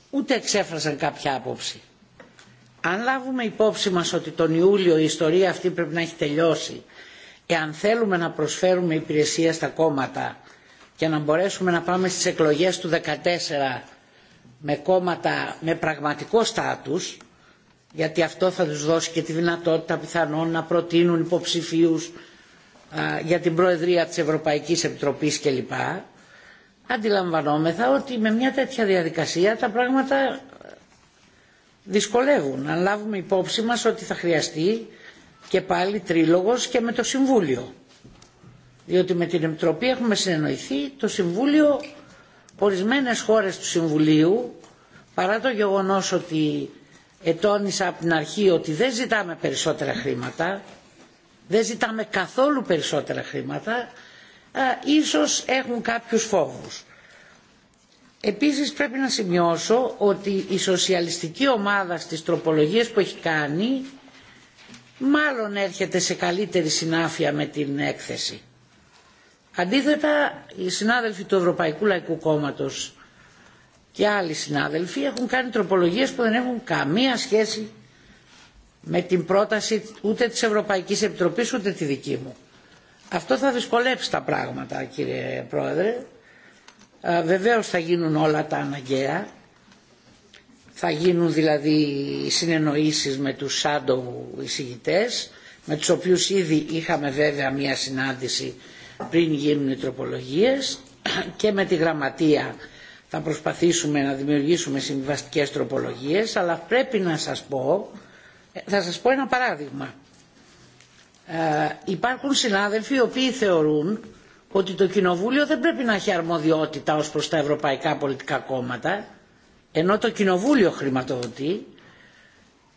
C: ούτε εξέφρασαν κάποια άποψη. Αν λάβουμε υπόψη μας ότι τον Ιούλιο η ιστορία αυτή πρέπει να έχει τελειώσει, εάν θέλουμε να προσφέρουμε υπηρεσία στα κόμματα και να μπορέσουμε να πάμε στις εκλογές του 2014 με κόμματα με πραγματικό στάτους, γιατί αυτό θα τους δώσει και τη δυνατότητα πιθανόν να προτείνουν υποψηφίους α, για την Προεδρία της Ευρωπαϊκής Επιτροπής κλπ αντιλαμβανόμεθα ότι με μια τέτοια διαδικασία τα πράγματα δυσκολεύουν. Αν λάβουμε υπόψη μας ότι θα χρειαστεί και πάλι τρίλογος και με το Συμβούλιο. Διότι με την Επιτροπή έχουμε συνεννοηθεί το Συμβούλιο, ορισμένες χώρες του Συμβουλίου, παρά το γεγονός ότι ετώνησα από την αρχή ότι δεν ζητάμε περισσότερα χρήματα, δεν ζητάμε καθόλου περισσότερα χρήματα, ίσως έχουν κάποιους φόβους. Επίσης πρέπει να σημειώσω ότι η σοσιαλιστική ομάδα στις τροπολογίες που έχει κάνει μάλλον έρχεται σε καλύτερη συνάφεια με την έκθεση. Αντίθετα, οι συνάδελφοι του Ευρωπαϊκού Λαϊκού Κόμματος και άλλοι συνάδελφοι έχουν κάνει τροπολογίες που δεν έχουν καμία σχέση με την πρόταση ούτε της Ευρωπαϊκής Επιτροπής ούτε τη δική μου. Αυτό θα δυσκολέψει τα πράγματα κύριε Πρόεδρε. Ε, βεβαίως θα γίνουν όλα τα αναγκαία. Θα γίνουν δηλαδή συνεννοήσεις με τους shadow εισηγητές, με τους οποίους ήδη είχαμε βέβαια μία συνάντηση πριν γίνουν οι τροπολογίες και με τη γραμματεία θα προσπαθήσουμε να δημιουργήσουμε συμβιβαστικές τροπολογίες, αλλά πρέπει να σας πω, θα σας πω ένα παράδειγμα Ε, υπάρχουν συνάδελφοι οι οποίοι θεωρούν ότι το Κοινοβούλιο δεν πρέπει να έχει αρμοδιότητα ως προς τα ευρωπαϊκά πολιτικά κόμματα, ενώ το Κοινοβούλιο χρηματοδοτεί,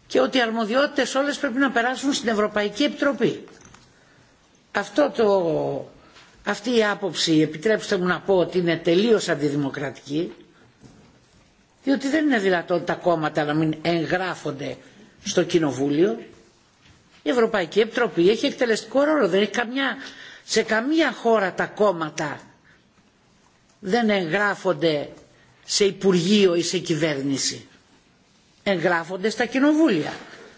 C: και ότι οι αρμοδιότητες όλες πρέπει να περάσουν στην Ευρωπαϊκή Επιτροπή. Αυτό το, αυτή η άποψη, επιτρέψτε μου να πω ότι είναι τελείως αντιδημοκρατική, διότι δεν είναι δυνατόν τα κόμματα να μην εγγράφονται στο Κοινοβούλιο, Η Ευρωπαϊκή Επιτροπή έχει εκτελεστικό ρόλο. Δεν έχει καμιά, σε καμία χώρα τα κόμματα δεν εγγράφονται σε Υπουργείο ή σε κυβέρνηση. Εγγράφονται στα κοινοβούλια.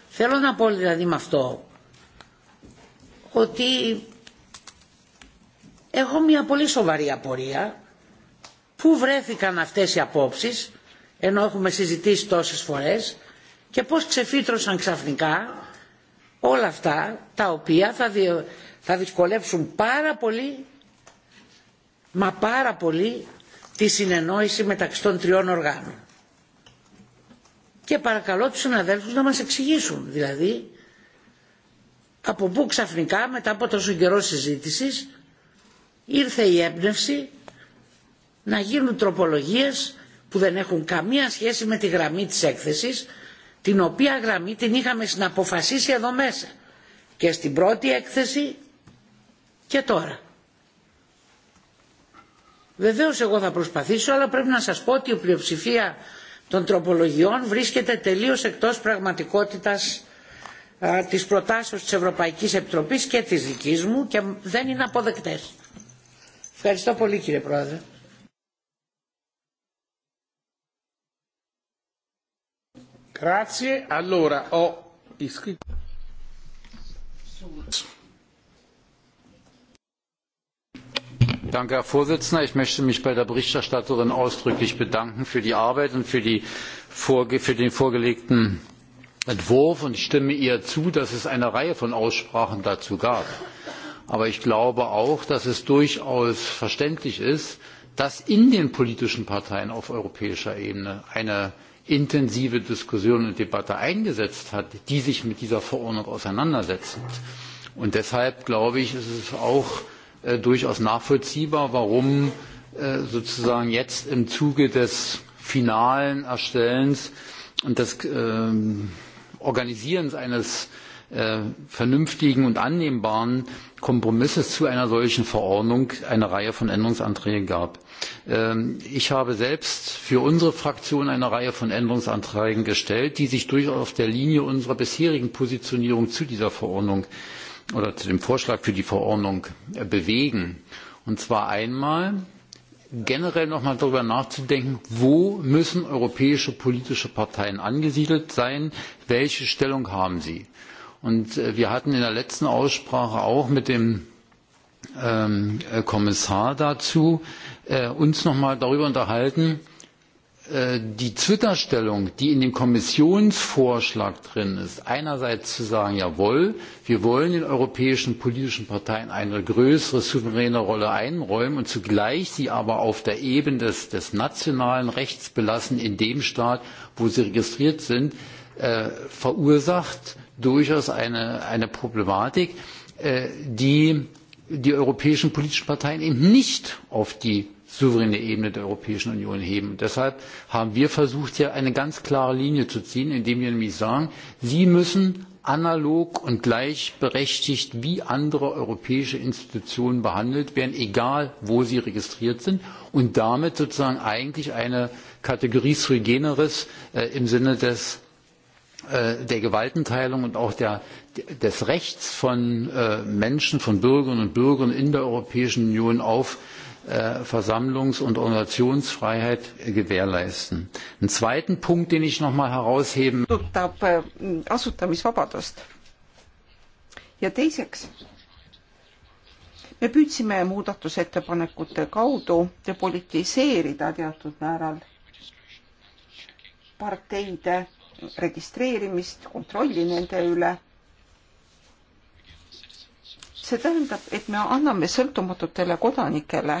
C: Θέλω να πω δηλαδή με αυτό ότι έχω μια πολύ σοβαρή απορία πού βρέθηκαν αυτές οι απόψεις ενώ έχουμε συζητήσει τόσες φορές και πώς ξεφύτρωσαν ξαφνικά όλα αυτά τα οποία θα, δυ, θα δυσκολέψουν πάρα πολύ μα πάρα πολύ τη συνεννόηση μεταξύ των τριών οργάνων. Και παρακαλώ τους συναδέλφους να μας εξηγήσουν, δηλαδή, από πού ξαφνικά μετά από τόσο καιρό συζήτησης ήρθε η έμπνευση να γίνουν τροπολογίες που δεν έχουν καμία σχέση με τη γραμμή της έκθεσης την οποία γραμμή την είχαμε συναποφασίσει εδώ μέσα και στην πρώτη έκθεση και τώρα. Βεβαίως εγώ θα προσπαθήσω αλλά πρέπει να σας πω ότι η πλειοψηφία των τροπολογιών βρίσκεται τελείως εκτός πραγματικότητας α, της προτάσεως της Ευρωπαϊκής Επιτροπής και της δικής μου και δεν είναι αποδεκτές. Ευχαριστώ πολύ κύριε Πρόεδρε.
A: Grazie, allora ho iscritto. Danke, herr präsident! ich möchte mich bei der berichterstatterin ausdrücklich bedanken für die arbeit und für, die, für den vorgelegten entwurf und ich stimme ihr zu dass es eine reihe von aussprachen dazu gab. aber ich glaube auch dass es durchaus verständlich ist dass in den politischen parteien auf europäischer ebene eine intensive Diskussion und Debatte eingesetzt hat, die sich mit dieser Verordnung auseinandersetzen. Und deshalb glaube ich, ist es auch äh, durchaus nachvollziehbar, warum äh, sozusagen jetzt im Zuge des finalen Erstellens und des ähm, Organisierens eines äh, Äh, vernünftigen und annehmbaren Kompromisses zu einer solchen Verordnung eine Reihe von Änderungsanträgen gab. Ähm, ich habe selbst für unsere Fraktion eine Reihe von Änderungsanträgen gestellt, die sich durchaus auf der Linie unserer bisherigen Positionierung zu dieser Verordnung oder zu dem Vorschlag für die Verordnung äh, bewegen. Und zwar einmal generell noch mal darüber nachzudenken, wo müssen europäische politische Parteien angesiedelt sein, welche Stellung haben sie? Und äh, wir hatten in der letzten Aussprache auch mit dem ähm, äh, Kommissar dazu äh, uns nochmal darüber unterhalten, äh, die Zwitterstellung, die in dem Kommissionsvorschlag drin ist, einerseits zu sagen, jawohl, wir wollen den europäischen politischen Parteien eine größere souveräne Rolle einräumen und zugleich sie aber auf der Ebene des, des nationalen Rechts belassen in dem Staat, wo sie registriert sind, äh, verursacht durchaus eine, eine Problematik, äh, die die europäischen politischen Parteien eben nicht auf die souveräne Ebene der Europäischen Union heben. Und deshalb haben wir versucht, hier eine ganz klare Linie zu ziehen, indem wir nämlich sagen, Sie müssen analog und gleichberechtigt wie andere europäische Institutionen behandelt werden, egal wo sie registriert sind und damit sozusagen eigentlich eine Kategorie sui generis äh, im Sinne des Äh, der gewaltenteilung und auch der, des rechts von äh, menschen von bürgerinnen und bürgern in der europäischen union auf äh, versammlungs und organisationsfreiheit gewährleisten. einen zweiten punkt den ich noch mal herausheben
E: puudutab asutamisvabadust ja teiseks me püüdsime muudatusettepanekute kaudu depolitiseerida teatud määral parteide registreerimist, kontrolli nende üle. see tähendab, et me anname sõltumatutele kodanikele,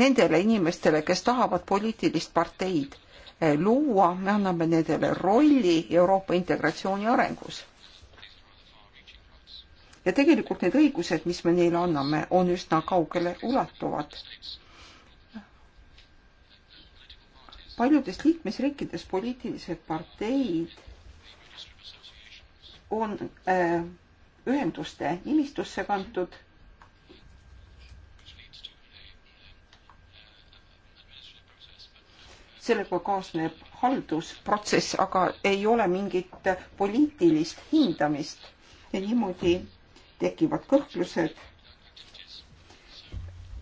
E: nendele inimestele, kes tahavad poliitilist parteid eh, luua, me anname nendele rolli Euroopa integratsiooni arengus. ja tegelikult need õigused, mis me neile anname, on üsna kaugele ulatuvad paljudes liikmesriikides poliitilised parteid on äh, ühenduste nimistusse kantud. sellega kaasneb haldusprotsess, aga ei ole mingit poliitilist hindamist ja niimoodi tekivad kõhklused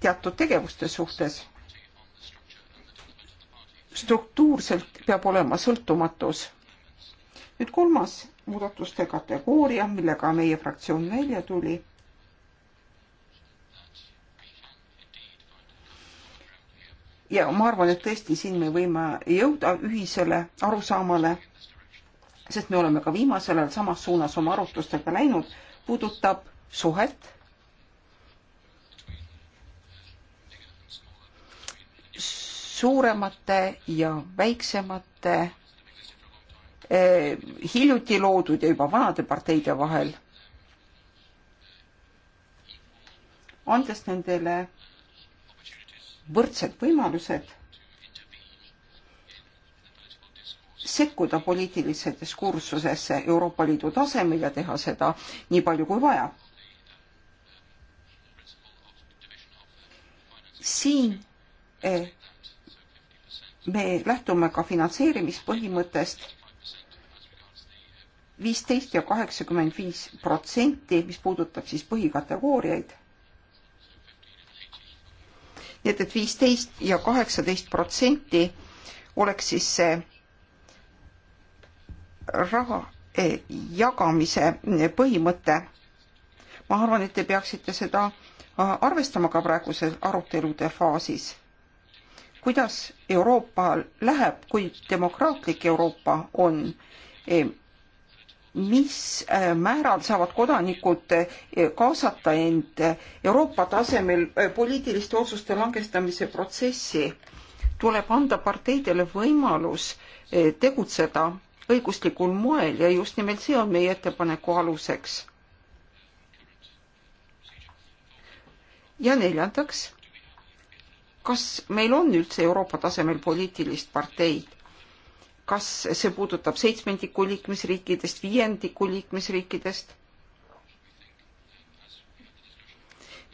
E: teatud tegevuste suhtes struktuurselt peab olema sõltumatus. nüüd kolmas muudatuste kategooria, millega meie fraktsioon välja tuli. ja ma arvan, et tõesti siin me võime jõuda ühisele arusaamale, sest me oleme ka viimasel ajal samas suunas oma arutlustega läinud, puudutab suhet suuremate ja väiksemate eh, hiljuti loodud ja juba vanade parteide vahel, andes nendele võrdsed võimalused sekkuda poliitilisse diskursusesse Euroopa Liidu tasemel ja teha seda nii palju kui vaja. siin eh, me lähtume ka finantseerimispõhimõttest viisteist ja kaheksakümmend viis protsenti, mis puudutab siis põhikategooriaid. nii et, et viisteist ja kaheksateist protsenti oleks siis see raha eh, jagamise eh, põhimõte. ma arvan, et te peaksite seda eh, arvestama ka praegusel arutelude faasis kuidas Euroopal läheb, kui demokraatlik Euroopa on, e, mis äh, määral saavad kodanikud äh, kaasata end äh, Euroopa tasemel poliitiliste otsuste langestamise protsessi, tuleb anda parteidele võimalus tegutseda õiguslikul moel ja just nimelt see on meie ettepaneku aluseks. ja neljandaks kas meil on üldse Euroopa tasemel poliitilist parteid? kas see puudutab seitsmendiku liikmesriikidest, viiendiku liikmesriikidest?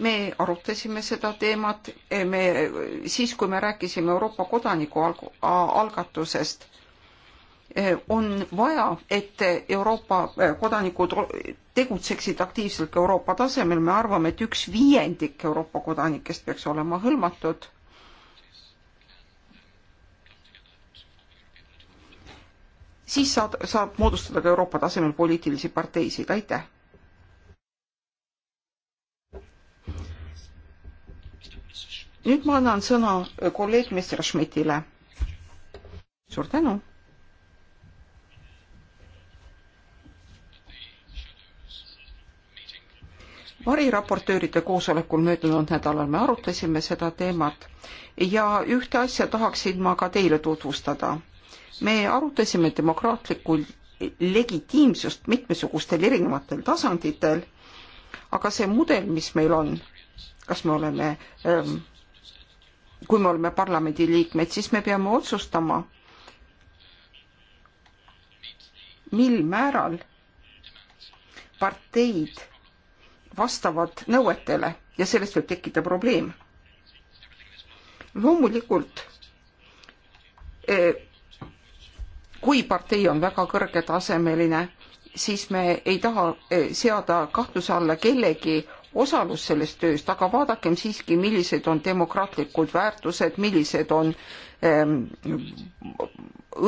E: me arutasime seda teemat, eh, me siis, kui me rääkisime Euroopa kodanikualgatusest, eh, on vaja, et Euroopa eh, kodanikud tegutseksid aktiivselt ka Euroopa tasemel, me arvame, et üks viiendik Euroopa kodanikest peaks olema hõlmatud siis saad, saab moodustada ka Euroopa tasemel poliitilisi parteisid, aitäh. nüüd ma annan sõna kolleeg Messerschmittile. suur tänu. variraportööride koosolekul möödunud nädalal me arutasime seda teemat ja ühte asja tahaksin ma ka teile tutvustada me arutasime demokraatlikku legitiimsust mitmesugustel erinevatel tasanditel, aga see mudel, mis meil on, kas me oleme, ähm, kui me oleme parlamendiliikmed, siis me peame otsustama, mil määral parteid vastavad nõuetele ja sellest võib tekkida probleem. loomulikult äh, kui partei on väga kõrgetasemeline, siis me ei taha eh, seada kahtluse alla kellegi osalus selles töös, aga vaadakem siiski, millised on demokraatlikud väärtused, millised on ähm,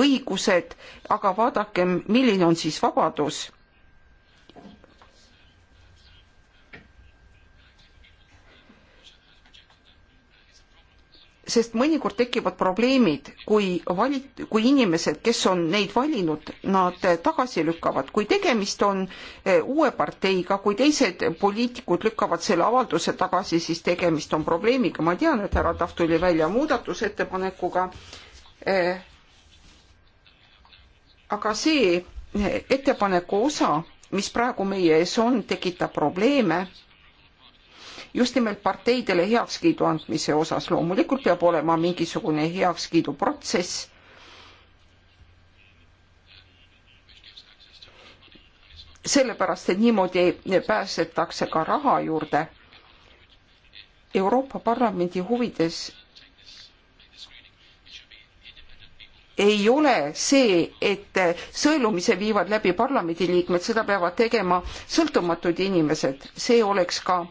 E: õigused, aga vaadakem, milline on siis vabadus sest mõnikord tekivad probleemid, kui valit-, kui inimesed, kes on neid valinud, nad tagasi lükkavad, kui tegemist on eh, uue parteiga, kui teised poliitikud lükkavad selle avalduse tagasi, siis tegemist on probleemiga, ma tean, et härra Tahv tuli välja muudatusettepanekuga, eh, aga see eh, ettepaneku osa, mis praegu meie ees on, tekitab probleeme just nimelt parteidele heakskiidu andmise osas. loomulikult peab olema mingisugune heakskiiduprotsess. sellepärast, et niimoodi pääsetakse ka raha juurde. Euroopa Parlamendi huvides ei ole see, et sõelumise viivad läbi parlamendiliikmed, seda peavad tegema sõltumatud inimesed, see oleks ka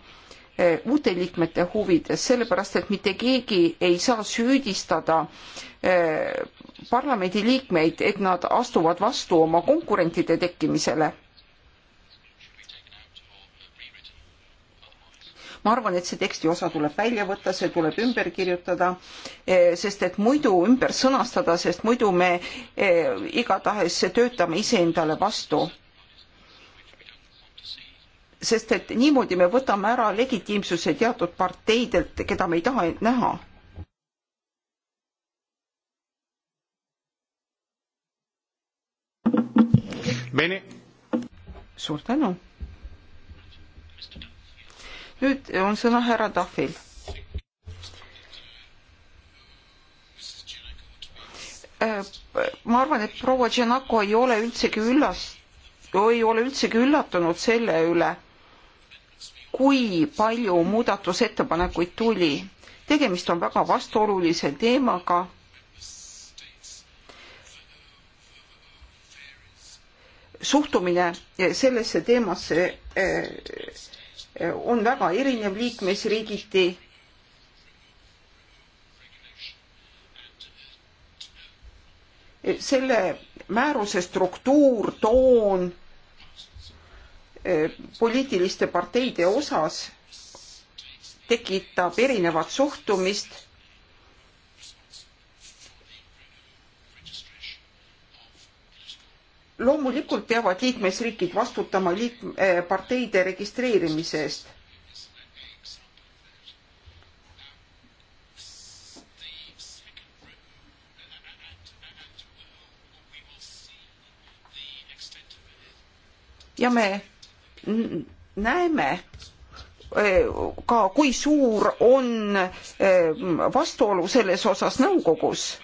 E: Eh, uute liikmete huvides, sellepärast et mitte keegi ei saa süüdistada eh, parlamendiliikmeid, et nad astuvad vastu oma konkurentide tekkimisele. ma arvan, et see teksti osa tuleb välja võtta, see tuleb ümber kirjutada, eh, sest et muidu ümber sõnastada, sest muidu me igatahes töötame iseendale vastu sest et niimoodi me võtame ära legitiimsuse teatud parteidelt, keda me ei taha näha. Bene. suur tänu. nüüd on sõna härra Tahvil. Äh, ma arvan, et proua Tšenako ei ole üldsegi üllas-, ei ole üldsegi üllatunud selle üle kui palju muudatusettepanekuid tuli. tegemist on väga vastuolulise teemaga. suhtumine sellesse teemasse eh, on väga erinev liikmesriigiti selle määruse struktuur, toon poliitiliste parteide osas tekitab erinevat suhtumist. loomulikult peavad liikmesriigid vastutama liik-, eh, parteide registreerimise eest. ja me näeme eh, ka, kui suur on eh, vastuolu selles osas nõukogus.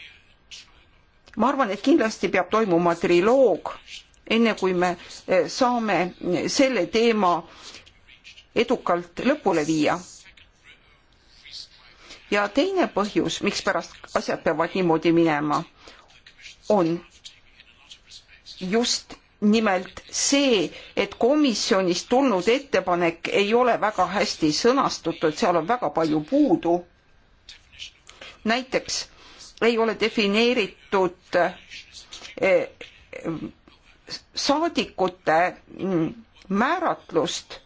E: ma arvan, et kindlasti peab toimuma triloog, enne kui me eh, saame selle teema edukalt lõpule viia. ja teine põhjus, mikspärast asjad peavad niimoodi minema, on just nimelt see, et komisjonist tulnud ettepanek ei ole väga hästi sõnastatud, seal on väga palju puudu. näiteks ei ole defineeritud eh, saadikute mm, määratlust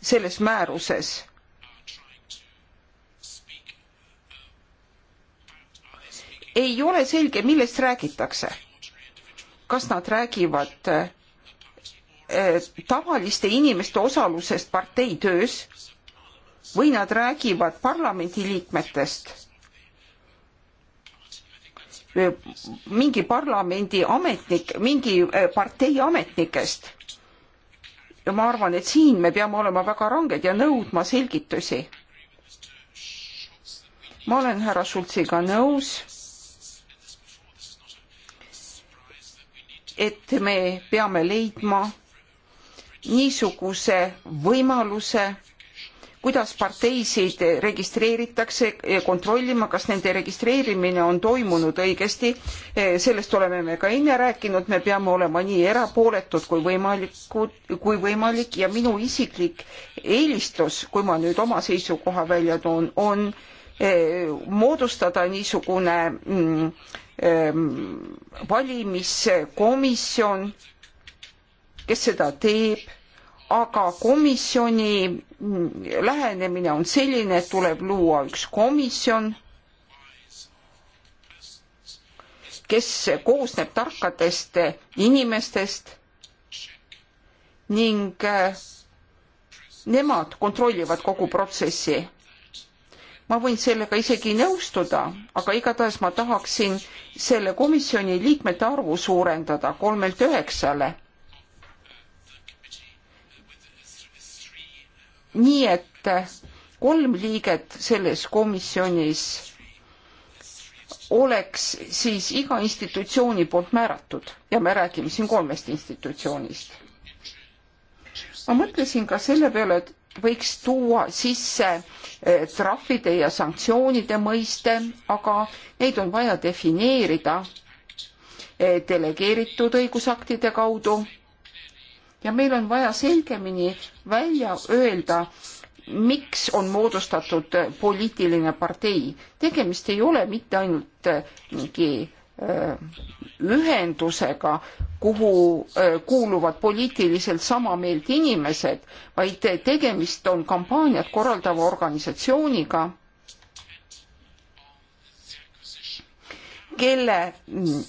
E: selles määruses. ei ole selge, millest räägitakse kas nad räägivad eh, tavaliste inimeste osalusest partei töös või nad räägivad parlamendiliikmetest mingi parlamendi ametnik, mingi eh, partei ametnikest. ja ma arvan, et siin me peame olema väga ranged ja nõudma selgitusi. ma olen härra Schultziga nõus et me peame leidma niisuguse võimaluse, kuidas parteisid registreeritakse, kontrollima, kas nende registreerimine on toimunud õigesti. sellest oleme me ka enne rääkinud, me peame olema nii erapooletud kui võimalikud, kui võimalik ja minu isiklik eelistus, kui ma nüüd oma seisukoha välja toon, on eh, moodustada niisugune mm, Ähm, valimiskomisjon, kes seda teeb, aga komisjoni lähenemine on selline, et tuleb luua üks komisjon, kes koosneb tarkadest inimestest ning äh, nemad kontrollivad kogu protsessi ma võin sellega isegi nõustuda, aga igatahes ma tahaksin selle komisjoni liikmete arvu suurendada kolmelt üheksale. nii et kolm liiget selles komisjonis oleks siis iga institutsiooni poolt määratud ja me räägime siin kolmest institutsioonist. ma mõtlesin ka selle peale, et võiks tuua sisse eh, trahvide ja sanktsioonide mõiste, aga neid on vaja defineerida eh, delegeeritud õigusaktide kaudu. ja meil on vaja selgemini välja öelda, miks on moodustatud eh, poliitiline partei. tegemist ei ole mitte ainult mingi ühendusega, kuhu kuuluvad poliitiliselt sama meelt inimesed, vaid tegemist on kampaaniat korraldava organisatsiooniga, kelle mm,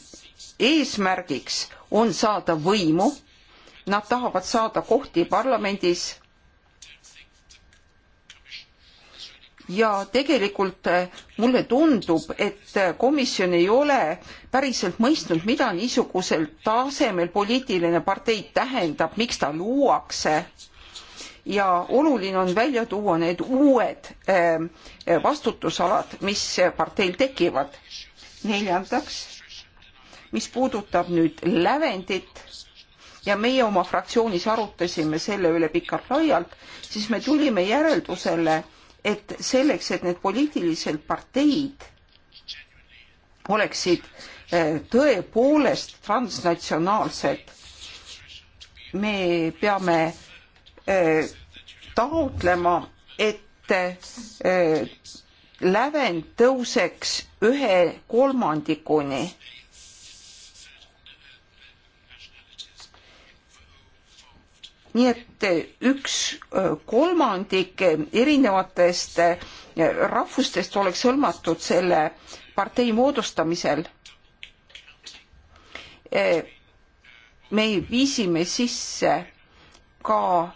E: eesmärgiks on saada võimu, nad tahavad saada kohti parlamendis ja tegelikult eh, mulle tundub, et eh, komisjon ei ole päriselt mõistnud, mida niisugusel tasemel poliitiline partei tähendab, miks ta luuakse. ja oluline on välja tuua need uued eh, vastutusalad, mis parteil tekivad. neljandaks, mis puudutab nüüd lävendit ja meie oma fraktsioonis arutasime selle üle pikalt-laialt, siis me tulime järeldusele, et selleks, et need poliitilised parteid oleksid eh, tõepoolest transnatsionaalsed, me peame eh, taotlema, et eh, lävend tõuseks ühe kolmandikuni nii et üks kolmandik erinevatest rahvustest oleks hõlmatud selle partei moodustamisel. me viisime sisse ka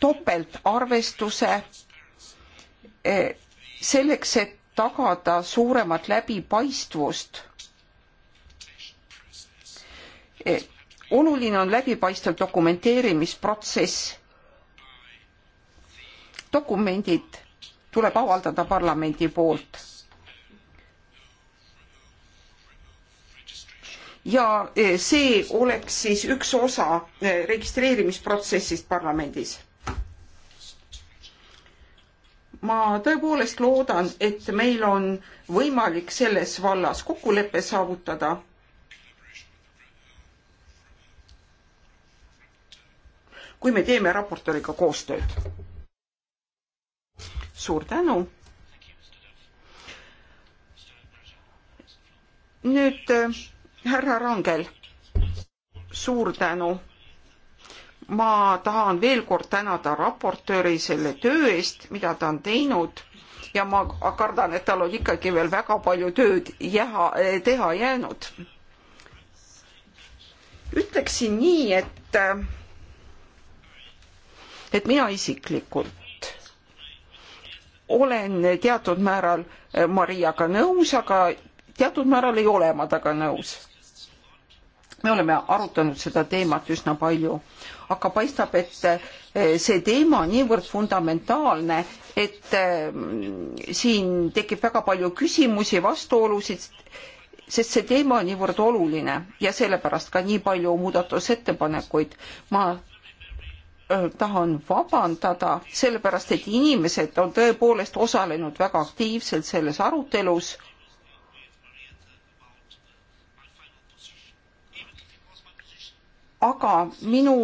E: topeltarvestuse selleks, et tagada suuremat läbipaistvust oluline on läbipaistev dokumenteerimisprotsess. dokumendid tuleb avaldada parlamendi poolt. ja e, see oleks siis üks osa e, registreerimisprotsessist parlamendis ma tõepoolest loodan, et meil on võimalik selles vallas kokkulepe saavutada. kui me teeme raportööriga koostööd. suur tänu. nüüd äh, härra Rangel, suur tänu. ma tahan veel kord tänada raportööri selle töö eest, mida ta on teinud ja ma kardan, et tal on ikkagi veel väga palju tööd jäha, äh, teha jäänud. ütleksin nii, et äh, et mina isiklikult olen teatud määral eh, Mariaga nõus, aga teatud määral ei ole ma temaga nõus. me oleme arutanud seda teemat üsna palju, aga paistab, et eh, see teema on niivõrd fundamentaalne, et eh, siin tekib väga palju küsimusi, vastuolusid, sest see teema on niivõrd oluline ja sellepärast ka nii palju muudatusettepanekuid. ma Äh, tahan vabandada, sellepärast et inimesed on tõepoolest osalenud väga aktiivselt selles arutelus. aga minu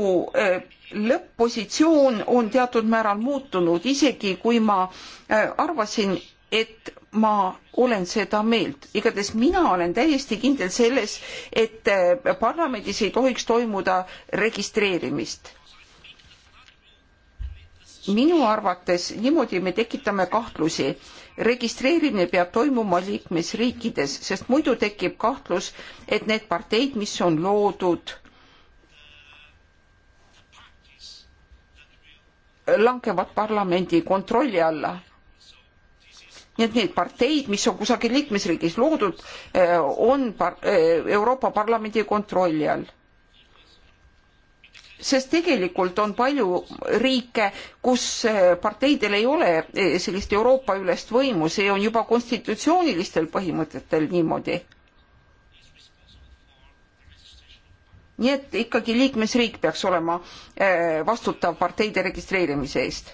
E: äh, lõpp-positsioon on teatud määral muutunud, isegi kui ma äh, arvasin, et ma olen seda meelt, igatahes mina olen täiesti kindel selles, et parlamendis ei tohiks toimuda registreerimist minu arvates niimoodi me tekitame kahtlusi. registreerimine peab toimuma liikmesriikides, sest muidu tekib kahtlus, et need parteid, mis on loodud, langevad parlamendi kontrolli alla nii et need parteid, mis on kusagil liikmesriigis loodud, eh, on par eh, Euroopa Parlamendi kontrolli all sest tegelikult on palju riike, kus eh, parteidel ei ole eh, sellist Euroopa ülest võimu, see on juba konstitutsioonilistel põhimõtetel niimoodi. nii et ikkagi liikmesriik peaks olema eh, vastutav parteide registreerimise eest.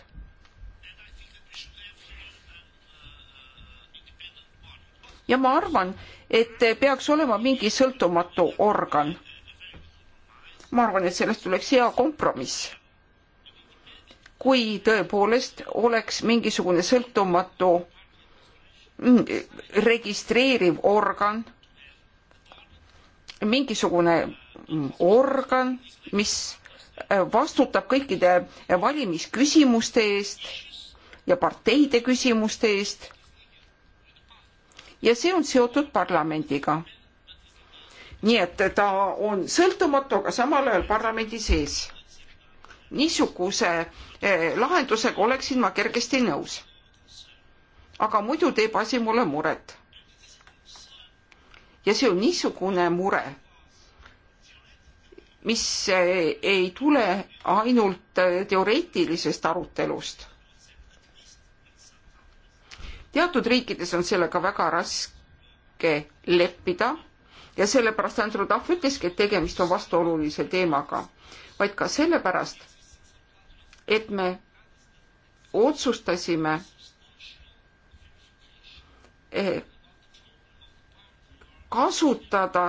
E: ja ma arvan, et peaks olema mingi sõltumatu organ ma arvan, et sellest tuleks hea kompromiss. kui tõepoolest oleks mingisugune sõltumatu mm, registreeriv organ, mingisugune mm, organ, mis äh, vastutab kõikide valimisküsimuste eest ja parteide küsimuste eest. ja see on seotud parlamendiga nii et ta on sõltumatu, aga samal ajal parlamendi sees. niisuguse eh, lahendusega oleksin ma kergesti nõus. aga muidu teeb asi mulle muret. ja see on niisugune mure, mis eh, ei tule ainult eh, teoreetilisest arutelust. teatud riikides on sellega väga raske leppida ja sellepärast Andrew Duff ütleski, et tegemist on vastuolulise teemaga, vaid ka sellepärast, et me otsustasime eh, kasutada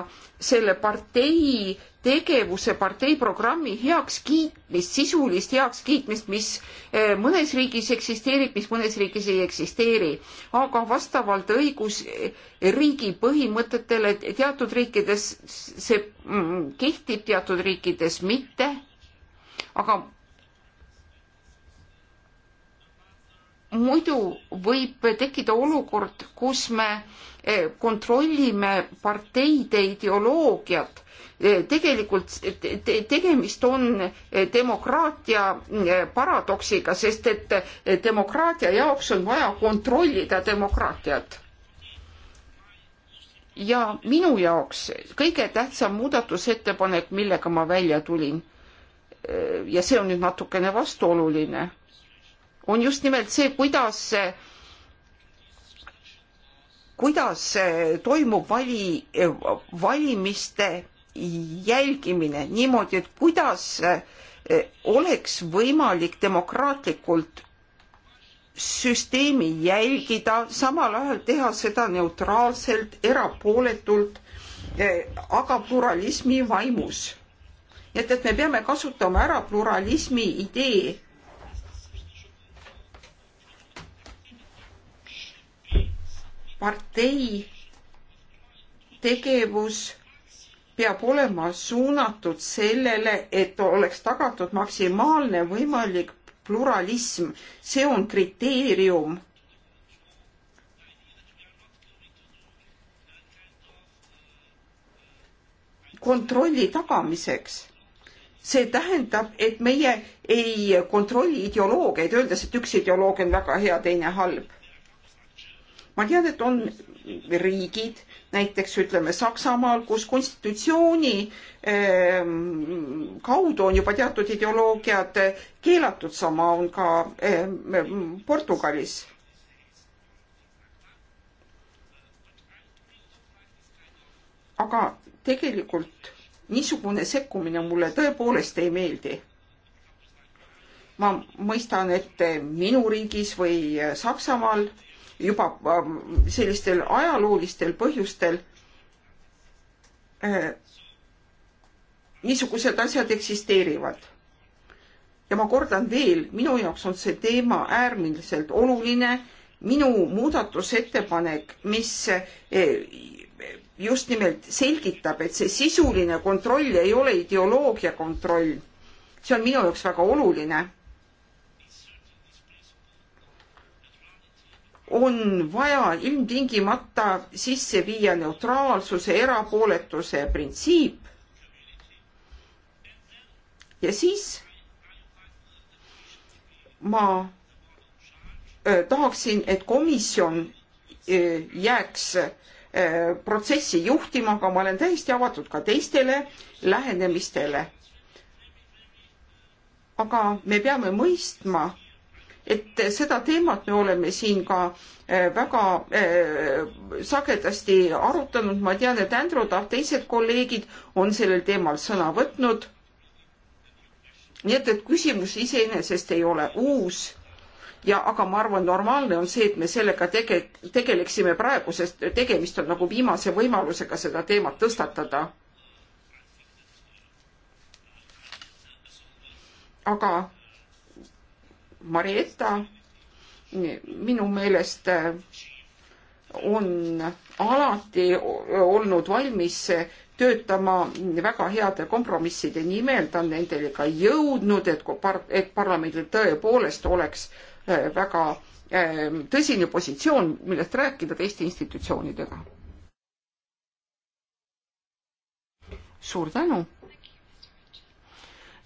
E: selle partei tegevuse, partei programmi heakskiitmist, sisulist heakskiitmist, mis eh, mõnes riigis eksisteerib, mis mõnes riigis ei eksisteeri. aga vastavalt õigusriigi eh, põhimõtetele teatud riikides see mm, kehtib, teatud riikides mitte. aga muidu võib tekkida olukord, kus me eh, kontrollime parteide ideoloogiat. Eh, tegelikult te, tegemist on eh, demokraatia paradoksiga, sest et demokraatia jaoks on vaja kontrollida demokraatiat. ja minu jaoks kõige tähtsam muudatusettepanek, millega ma välja tulin ja see on nüüd natukene vastuoluline on just nimelt see, kuidas kuidas toimub vali, valimiste jälgimine niimoodi, et kuidas oleks võimalik demokraatlikult süsteemi jälgida, samal ajal teha seda neutraalselt, erapooletult, aga pluralismi vaimus. nii et, et me peame kasutama ära pluralismi idee partei tegevus peab olema suunatud sellele, et oleks tagatud maksimaalne võimalik pluralism, see on kriteerium. kontrolli tagamiseks. see tähendab, et meie ei kontrolli ideoloogiaid, öeldes, et üks ideoloogia on väga hea, teine halb ma tean, et on riigid, näiteks ütleme Saksamaal, kus konstitutsiooni ehm, kaudu on juba teatud ideoloogiad keelatud, sama on ka ehm, Portugalis. aga tegelikult niisugune sekkumine mulle tõepoolest ei meeldi ma mõistan, et minu riigis või Saksamaal juba ähm, sellistel ajaloolistel põhjustel äh, niisugused asjad eksisteerivad. ja ma kordan veel, minu jaoks on see teema äärmiselt oluline. minu muudatusettepanek, mis äh, just nimelt selgitab, et see sisuline kontroll ei ole ideoloogia kontroll. see on minu jaoks väga oluline on vaja ilmtingimata sisse viia neutraalsuse, erapooletuse printsiip. ja siis ma äh, tahaksin, et komisjon äh, jääks äh, protsessi juhtima, aga ma olen täiesti avatud ka teistele lähenemistele. aga me peame mõistma, et seda teemat me oleme siin ka eh, väga eh, sagedasti arutanud, ma tean, et Andrew Tahv, teised kolleegid on sellel teemal sõna võtnud. nii et, et küsimus iseenesest ei ole uus ja aga ma arvan, normaalne on see, et me sellega tege-, tegeleksime praegu, sest tegemist on nagu viimase võimalusega seda teemat tõstatada. aga Marietta minu meelest äh, on alati olnud valmis äh, töötama väga heade kompromisside nimel, ta on nendele ka jõudnud, et par-, et parlamendil tõepoolest oleks äh, väga tõsine positsioon, millest rääkida teiste institutsioonidega. suur tänu.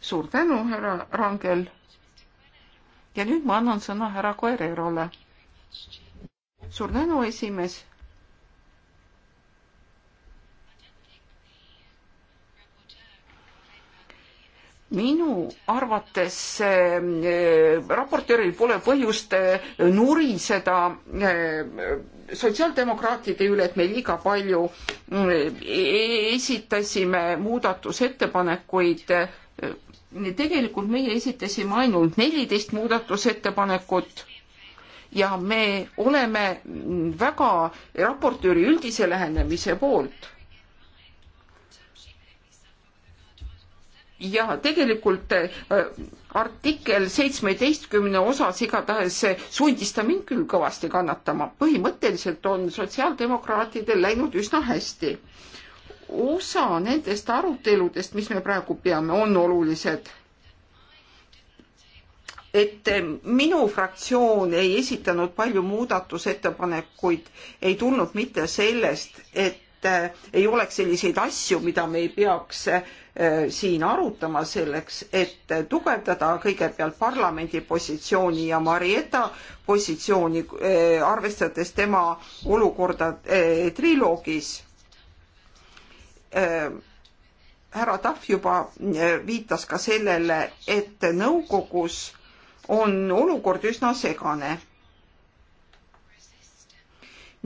E: suur tänu, härra Rangel ja nüüd ma annan sõna härra Koererole. suur tänu, esimees. minu arvates ähm, äh, raportööril pole põhjust äh, nuriseda äh, sotsiaaldemokraatide üle, et me liiga palju äh, e-, e-, esitasime muudatusettepanekuid äh, tegelikult meie esitasime ainult neliteist muudatusettepanekut ja me oleme väga raportööri üldise lähenemise poolt. ja tegelikult äh, artikkel seitsmeteistkümne osas igatahes sundis ta mind küll kõvasti kannatama. põhimõtteliselt on sotsiaaldemokraatidel läinud üsna hästi osa nendest aruteludest, mis me praegu peame, on olulised. et minu fraktsioon ei esitanud palju muudatusettepanekuid, ei tulnud mitte sellest, et äh, ei oleks selliseid asju, mida me ei peaks äh, siin arutama selleks, et tugevdada kõigepealt parlamendi positsiooni ja Marietta positsiooni, äh, arvestades tema olukorda triloogis Äh, härra Tahv juba äh, viitas ka sellele, et nõukogus on olukord üsna segane.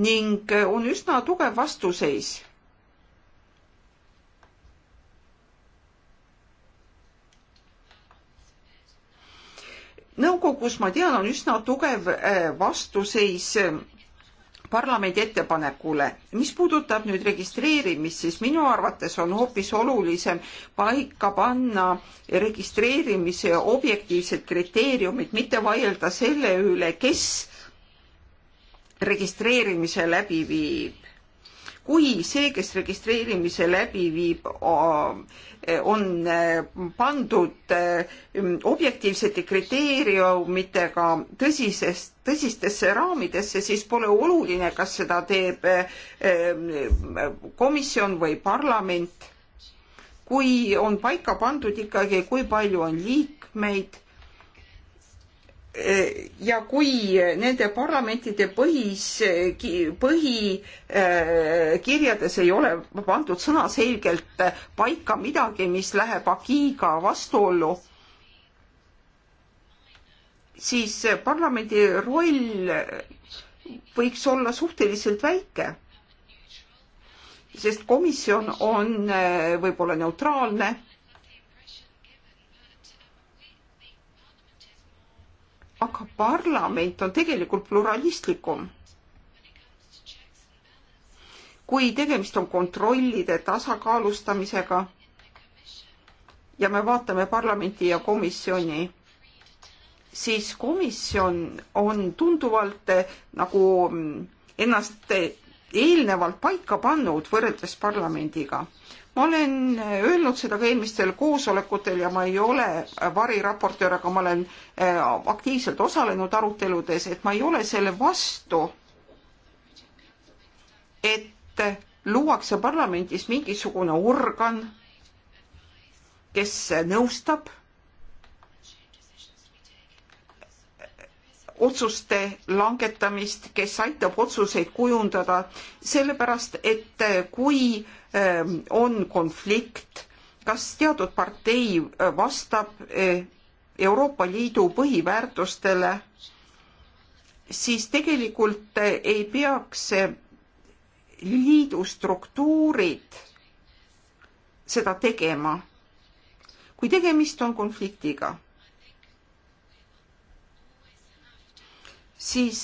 E: ning äh, on üsna tugev vastuseis nõukogus, ma tean, on üsna tugev vastuseis parlamendi ettepanekule. mis puudutab nüüd registreerimist, siis minu arvates on hoopis olulisem paika panna registreerimise objektiivsed kriteeriumid, mitte vaielda selle üle, kes registreerimise läbi viib kui see, kes registreerimise läbi viib, e, on e, pandud e, objektiivsete kriteeriumitega tõsisest, tõsistesse raamidesse, siis pole oluline, kas seda teeb komisjon või parlament. kui on paika pandud ikkagi, kui palju on liikmeid, Äh, ja kui nende parlamentide põhis, põhikirjades ei ole pandud sõnaselgelt paika midagi, mis läheb agiiga vastuollu, siis parlamendi roll võiks olla suhteliselt väike. sest komisjon on äh, võib-olla neutraalne aga parlament on tegelikult pluralistlikum. kui tegemist on kontrollide tasakaalustamisega ja me vaatame parlamenti ja komisjoni, siis komisjon on tunduvalt eh, nagu mm, ennast eh, eelnevalt paika pannud võrreldes parlamendiga ma olen öelnud seda ka eelmistel koosolekutel ja ma ei ole variraportöör, aga ma olen äh, aktiivselt osalenud aruteludes, et ma ei ole selle vastu, et luuakse parlamendis mingisugune organ, kes nõustab otsuste langetamist, kes aitab otsuseid kujundada, sellepärast et kui äh, Ehm, on konflikt, kas teatud partei eh, vastab eh, Euroopa Liidu põhiväärtustele, siis tegelikult eh, ei peaks liidu struktuurid seda tegema, kui tegemist on konfliktiga. siis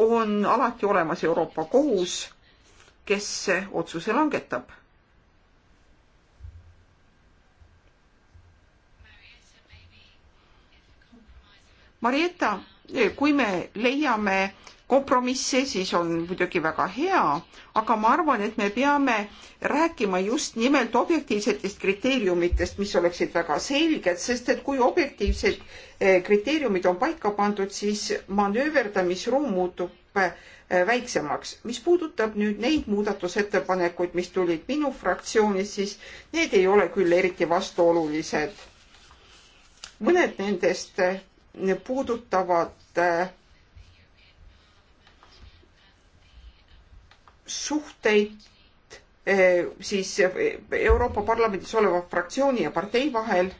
E: on alati olemas Euroopa Kohus kes otsuse langetab. Marietta, kui me leiame kompromisse, siis on muidugi väga hea, aga ma arvan, et me peame rääkima just nimelt objektiivsetest kriteeriumitest, mis oleksid väga selged, sest et kui objektiivsed eh, kriteeriumid on paika pandud, siis manööverdamisruum muutub Eh, väiksemaks. mis puudutab nüüd neid muudatusettepanekuid, mis tulid minu fraktsioonist, siis need ei ole küll eriti vastuolulised. mõned nendest eh, puudutavad eh, suhteid siis Euroopa Parlamendis oleva fraktsiooni ja partei vahel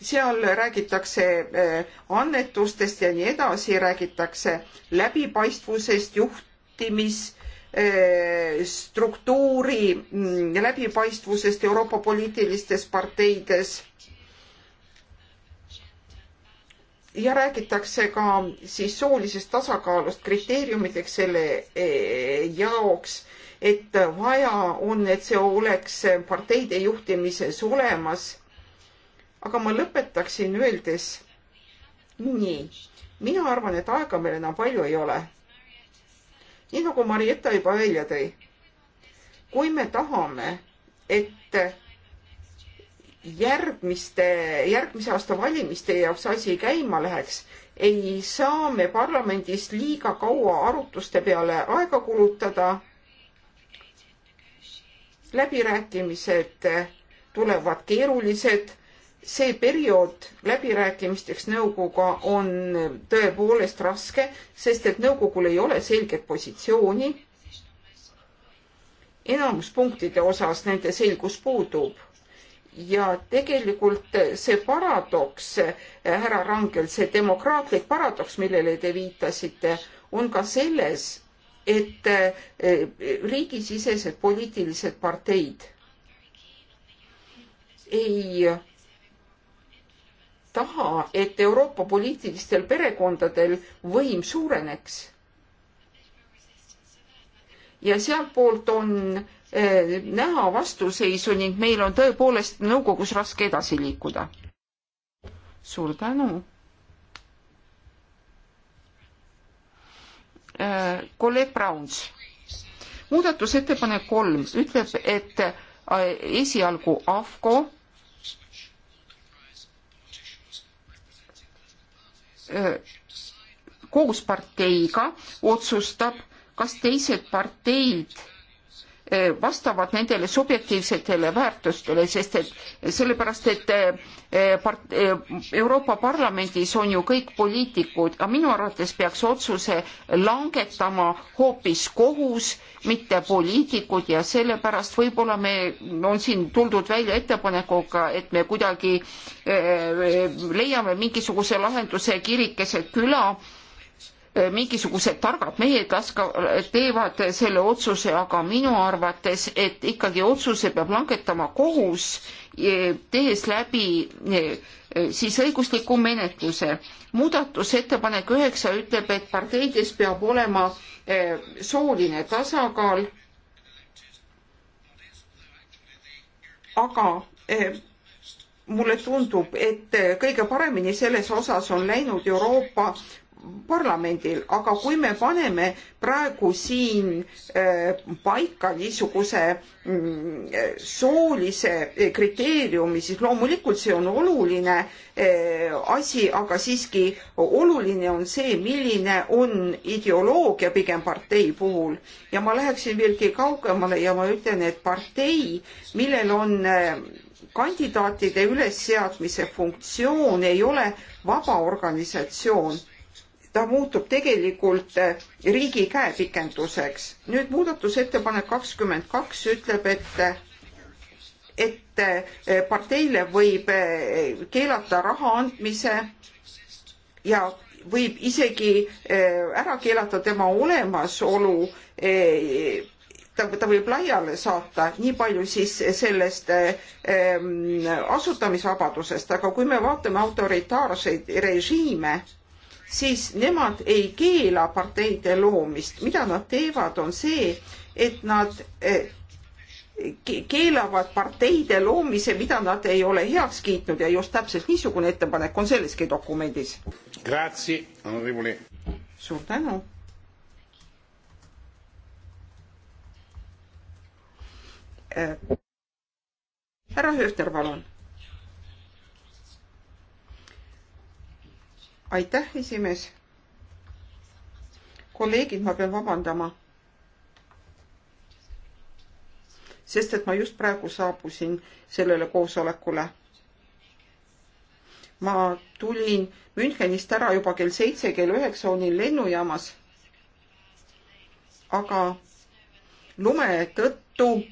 E: seal räägitakse eh, annetustest ja nii edasi, räägitakse läbipaistvusest, juhtimisstruktuuri eh, mm, läbipaistvusest Euroopa poliitilistes parteides. ja räägitakse ka siis soolisest tasakaalust kriteeriumideks selle eh, jaoks et vaja on, et see oleks parteide juhtimises olemas aga ma lõpetaksin öeldes nii. mina arvan, et aega meil enam palju ei ole. nii nagu Marietta juba välja tõi. kui me tahame, et järgmiste, järgmise aasta valimiste jaoks asi käima läheks, ei saa me parlamendis liiga kaua arutluste peale aega kulutada. läbirääkimised tulevad keerulised see periood läbirääkimisteks nõukoguga on tõepoolest raske, sest et nõukogul ei ole selget positsiooni. enamuspunktide osas nende selgus puudub ja tegelikult see paradoks, härra Rangel, see demokraatlik paradoks, millele te viitasite, on ka selles, et eh, riigisisesed poliitilised parteid ei taha, et Euroopa poliitilistel perekondadel võim suureneks. ja sealtpoolt on eh, näha vastuseisu ning meil on tõepoolest nõukogus raske edasi liikuda. suur tänu. Eh, kolleeg Browns, muudatusettepanek kolm ütleb, et eh, esialgu AFCO koos parteiga otsustab, kas teised parteid Eh, vastavad nendele subjektiivsetele väärtustele, sest et sellepärast, et eh, part, eh, Euroopa Parlamendis on ju kõik poliitikud, aga minu arvates peaks otsuse langetama hoopis kohus, mitte poliitikud ja sellepärast võib-olla me, on siin tuldud välja ettepanekuga, et me kuidagi leiame mingisuguse lahenduse kirik keset küla mingisugused targad mehed laska, teevad selle otsuse, aga minu arvates, et ikkagi otsuse peab langetama kohus, e, tehes läbi e, e, siis õigusliku menetluse. muudatusettepanek üheksa ütleb, et parteides peab olema sooline tasakaal. aga mulle tundub, et kõige paremini selles osas on läinud Euroopa parlamendil, aga kui me paneme praegu siin eh, paika niisuguse mm, soolise eh, kriteeriumi, siis loomulikult see on oluline eh, asi, aga siiski oluline on see, milline on ideoloogia pigem partei puhul. ja ma läheksin veelgi kaugemale ja ma ütlen, et partei, millel on kandidaatide ülesseadmise funktsioon ei ole vaba organisatsioon ta muutub tegelikult eh, riigi käepikenduseks. nüüd muudatusettepanek kakskümmend kaks ütleb, et et eh, parteile võib eh, keelata raha andmise ja võib isegi ära keelata tema olemasolu ta, ta võib laiale saata, nii palju siis sellest ähm, asutamisvabadusest, aga kui me vaatame autoritaarseid režiime, siis nemad ei keela parteide loomist. mida nad teevad, on see, et nad eh, keelavad parteide loomise, mida nad ei ole heaks kiitnud ja just täpselt niisugune ettepanek on selleski dokumendis. suur tänu. Eh, härra Höfner, palun aitäh, esimees. kolleegid, ma pean vabandama. sest et ma just praegu saabusin sellele koosolekule. ma tulin Münchenist ära juba kell seitse, kell üheksa olin lennujaamas. aga lume tõttu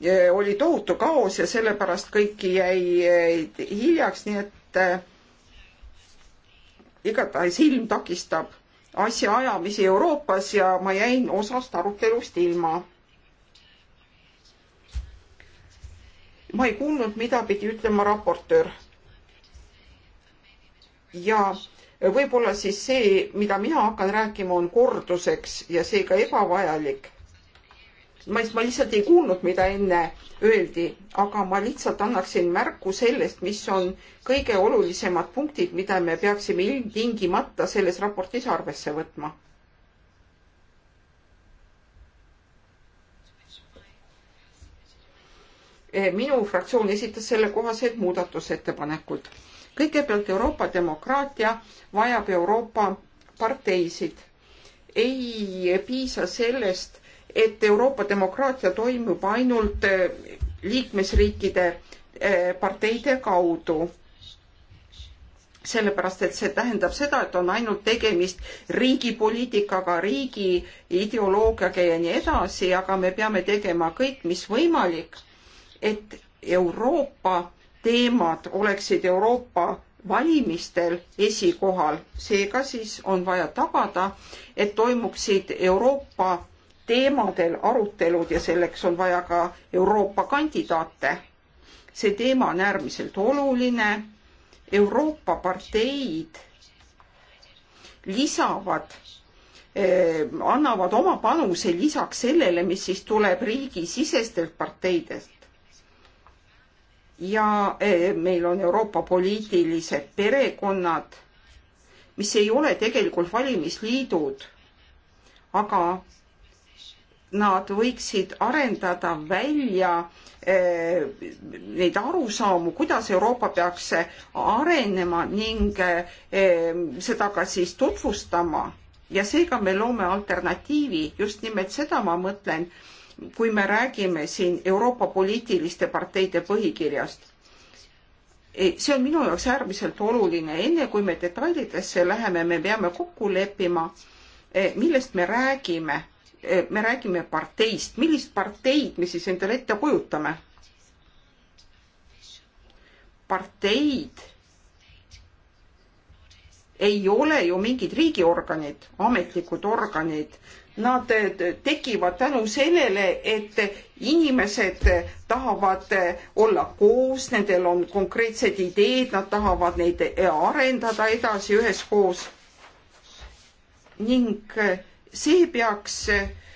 E: eh, oli tohutu kaos ja sellepärast kõiki jäi eh, hiljaks, nii et eh, igatahes ilm takistab asjaajamisi Euroopas ja ma jäin osast arutelust ilma. ma ei kuulnud, mida pidi ütlema raportöör. ja võib-olla siis see, mida mina hakkan rääkima, on korduseks ja seega ebavajalik ma, ma lihtsalt ei kuulnud, mida enne öeldi, aga ma lihtsalt annaksin märku sellest, mis on kõige olulisemad punktid, mida me peaksime ilmtingimata selles raportis arvesse võtma. minu fraktsioon esitas sellekohased muudatusettepanekud. kõigepealt Euroopa demokraatia vajab Euroopa parteisid. ei piisa sellest, et Euroopa demokraatia toimub ainult eh, liikmesriikide eh, parteide kaudu. sellepärast, et see tähendab seda, et on ainult tegemist riigi poliitikaga, riigi ideoloogiaga ja nii edasi, aga me peame tegema kõik, mis võimalik, et Euroopa teemad oleksid Euroopa valimistel esikohal. seega siis on vaja tagada, et toimuksid Euroopa teemadel arutelud ja selleks on vaja ka Euroopa kandidaate. see teema on äärmiselt oluline. Euroopa parteid lisavad eh, annavad oma panuse lisaks sellele, mis siis tuleb riigisisestelt parteidest. ja eh, meil on Euroopa poliitilised perekonnad, mis ei ole tegelikult valimisliidud, aga nad võiksid arendada välja eh, neid arusaamu, kuidas Euroopa peaks arenema ning eh, seda ka siis tutvustama ja seega me loome alternatiivi, just nimelt seda ma mõtlen, kui me räägime siin Euroopa poliitiliste parteide põhikirjast e, see on minu jaoks äärmiselt oluline, enne kui me detailidesse läheme, me peame kokku leppima, eh, millest me räägime Eh, me räägime parteist, millist parteid me siis endale ette kujutame? parteid ei ole ju mingid riigiorganid, ametlikud organid. Nad eh, tekivad tänu sellele, et inimesed eh, tahavad olla koos, nendel on konkreetsed ideed, nad tahavad neid arendada edasi üheskoos. ning see peaks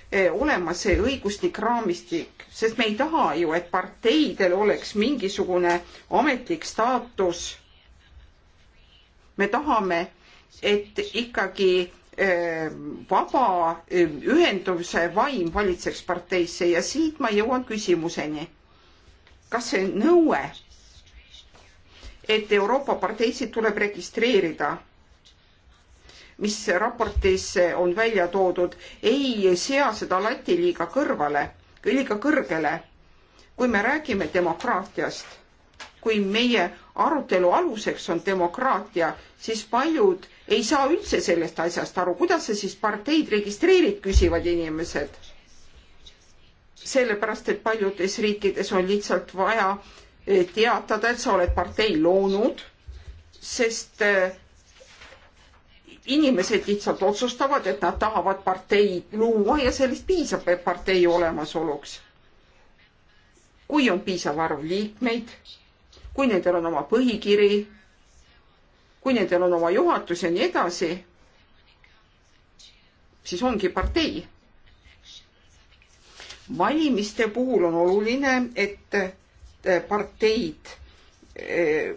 E: eh, olema see õiguslik raamistik, sest me ei taha ju, et parteidel oleks mingisugune ametlik staatus. me tahame, et ikkagi eh, vaba eh, ühenduse vaim valitseks parteisse ja siit ma jõuan küsimuseni. kas see nõue, et Euroopa parteisid tuleb registreerida mis raportis on välja toodud, ei sea seda lati liiga kõrvale, liiga kõrgele. kui me räägime demokraatiast, kui meie arutelu aluseks on demokraatia, siis paljud ei saa üldse sellest asjast aru, kuidas sa siis parteid registreerid, küsivad inimesed. sellepärast, et paljudes riikides on lihtsalt vaja eh, teatada, et sa oled partei loonud, sest äh, inimesed lihtsalt otsustavad, et nad tahavad parteid luua ja sellest piisab partei olemasoluks. kui on piisav arv liikmeid, kui nendel on oma põhikiri, kui nendel on oma juhatus ja nii edasi, siis ongi partei. valimiste puhul on oluline, et parteid eh,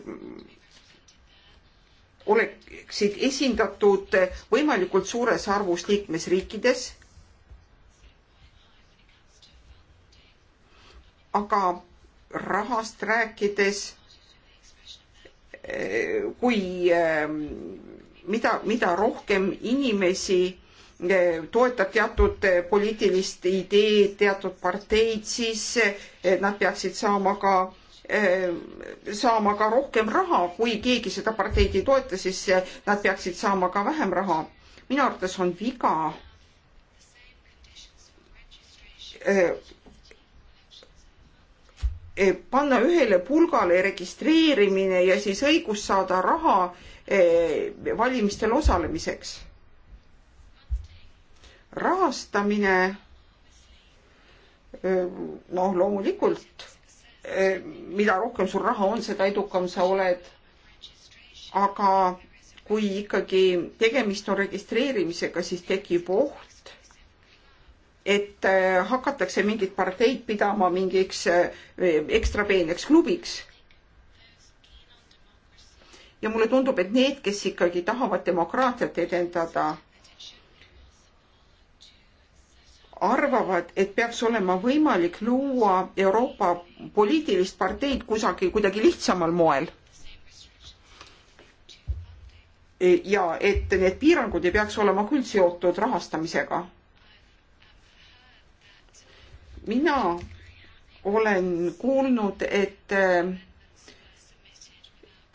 E: oleksid esindatud võimalikult suures arvus liikmesriikides. aga rahast rääkides, kui ähm, mida, mida rohkem inimesi äh, toetab teatud äh, poliitilist ideed, teatud parteid, siis äh, nad peaksid saama ka Eh, saama ka rohkem raha, kui keegi seda parteid ei toeta, siis eh, nad peaksid saama ka vähem raha. minu arvates on viga eh, panna ühele pulgale registreerimine ja siis õigus saada raha valimistel osalemiseks. rahastamine noh, loomulikult mida rohkem sul raha on, seda edukam sa oled. aga kui ikkagi tegemist on registreerimisega, siis tekib oht, et äh, hakatakse mingit parteid pidama mingiks äh, ekstra peeneks klubiks. ja mulle tundub, et need, kes ikkagi tahavad demokraatiat edendada arvavad, et peaks olema võimalik luua Euroopa poliitilist parteid kusagil kuidagi lihtsamal moel. ja et need piirangud ei peaks olema küll seotud rahastamisega. mina olen kuulnud, et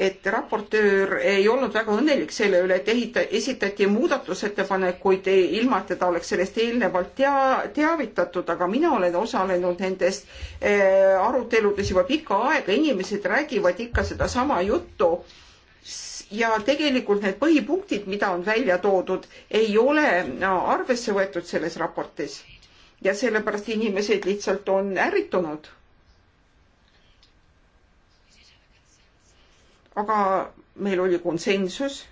E: et raportöör ei olnud väga õnnelik selle üle, et ehita-, esitati muudatusettepanekuid ilma, et teda oleks sellest eelnevalt tea-, teavitatud, aga mina olen osalenud nendes eh, aruteludes juba pikka aega, inimesed räägivad ikka sedasama juttu ja tegelikult need põhipunktid, mida on välja toodud, ei ole arvesse võetud selles raportis. ja sellepärast inimesed lihtsalt on ärritunud aga meil oli konsensus.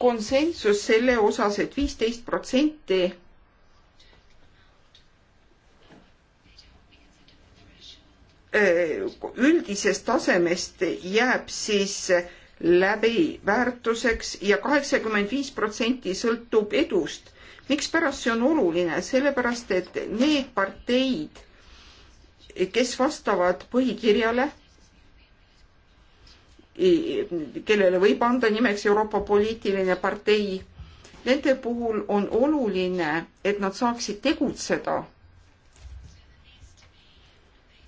E: konsensus selle osas et, et viisteist protsenti üldisest tasemest jääb siis läbi väärtuseks ja kaheksakümmend viis protsenti sõltub edust. mikspärast see on oluline, sellepärast et need parteid kes vastavad põhikirjale, kellele võib anda nimeks Euroopa poliitiline partei, nende puhul on oluline, et nad saaksid tegutseda.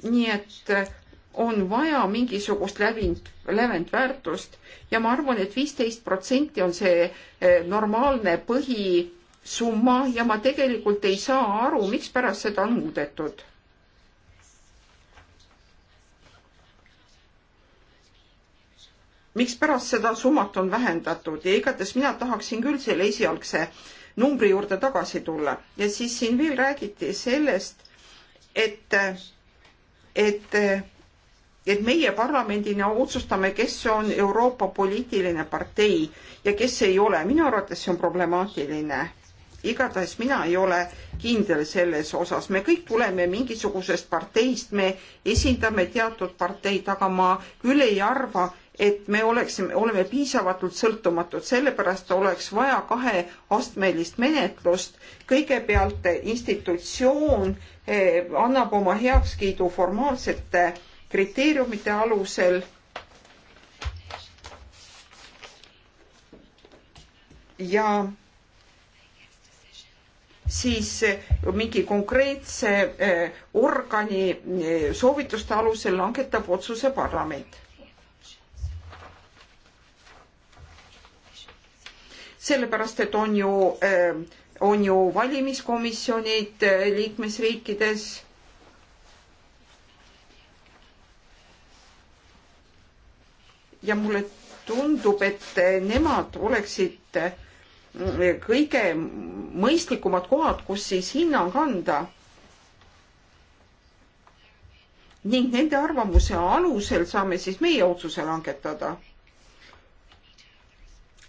E: nii et on vaja mingisugust lävind, lävendväärtust ja ma arvan et, et viisteist protsenti on see eh, normaalne põhisumma ja ma tegelikult ei saa aru, mikspärast seda on muudetud mikspärast seda summat on vähendatud ja igatahes mina tahaksin küll selle esialgse numbri juurde tagasi tulla ja siis siin veel räägiti sellest, et, et, et meie parlamendina otsustame, kes on Euroopa poliitiline partei ja kes ei ole. minu arvates see on problemaatiline. igatahes mina ei ole kindel selles osas, me kõik tuleme mingisugusest parteist, me esindame teatud parteid, aga ma küll ei arva, et me oleksime, oleme piisavalt sõltumatud, sellepärast oleks vaja kaheastmelist menetlust. kõigepealt institutsioon eh, annab oma heakskiidu formaalsete kriteeriumite alusel. ja siis eh, mingi konkreetse eh, organi soovituste alusel langetab otsuse parlament sellepärast et on ju, ähm, on ju valimiskomisjonid äh, liikmesriikides ja mulle tundub, et äh, nemad oleksid äh, kõige mõistlikumad kohad, kus siis hinnang anda. ning nende arvamuse alusel saame siis meie otsuse langetada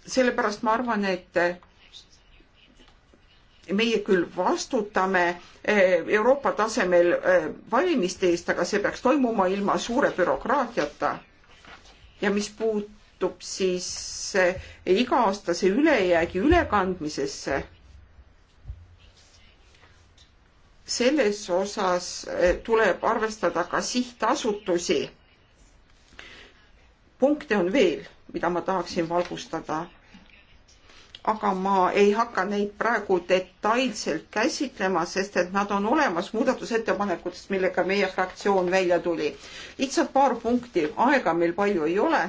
E: sellepärast ma arvan, et meie küll vastutame eh, Euroopa tasemel eh, valimiste eest, aga see peaks toimuma ilma suure bürokraatiata. ja mis puutub siis eh, iga-aastase ülejäägi ülekandmisesse, selles osas tuleb arvestada ka sihtasutusi. punkte on veel mida ma tahaksin valgustada. aga ma ei hakka neid praegu detailselt käsitlema, sest et nad on olemas muudatusettepanekutest, millega meie fraktsioon välja tuli. lihtsalt paar punkti, aega meil palju ei ole.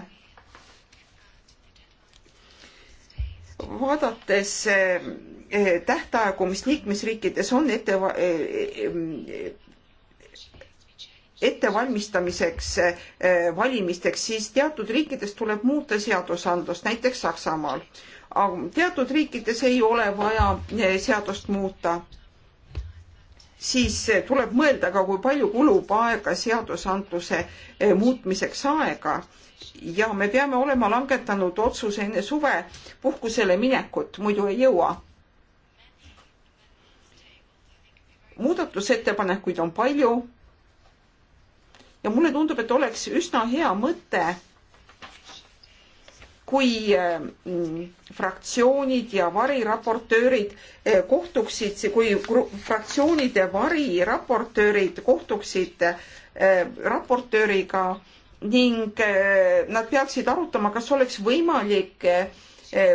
E: vaadates eh, tähtaegu, mis liikmesriikides on ette eh, eh, ettevalmistamiseks eh, valimisteks, siis teatud riikides tuleb muuta seadusandlust, näiteks Saksamaal. teatud riikides ei ole vaja eh, seadust muuta. siis eh, tuleb mõelda ka, kui palju kulub aega seadusandluse muutmiseks aega ja me peame olema langetanud otsuse enne suve puhkusele minekut, muidu ei jõua muudatusettepanekuid on palju ja mulle tundub, et oleks üsna hea mõte, kui mm, fraktsioonid ja variraportöörid eh, kohtuksid, kui fraktsioonide variraportöörid kohtuksid eh, raportööriga ning eh, nad peaksid arutama, kas oleks võimalik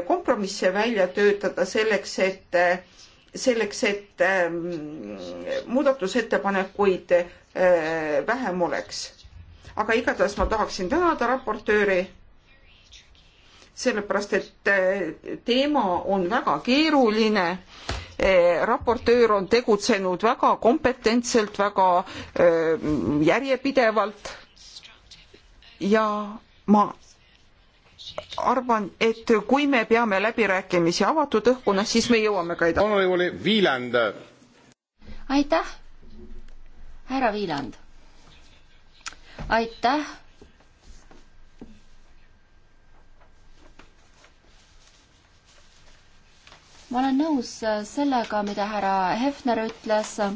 E: kompromisse välja töötada selleks, et selleks, et ähm, muudatusettepanekuid äh, vähem oleks. aga igatahes ma tahaksin tänada raportööri, sellepärast et äh, teema on väga keeruline äh, raportöör on tegutsenud väga kompetentselt, väga järjepidevalt ja ma arvan, et kui me peame läbirääkimisi avatud õhkuna, siis me jõuame ka
A: edasi.
B: aitäh, härra Viiland. aitäh. ma olen nõus äh, sellega, mida härra Hefner ütles äh,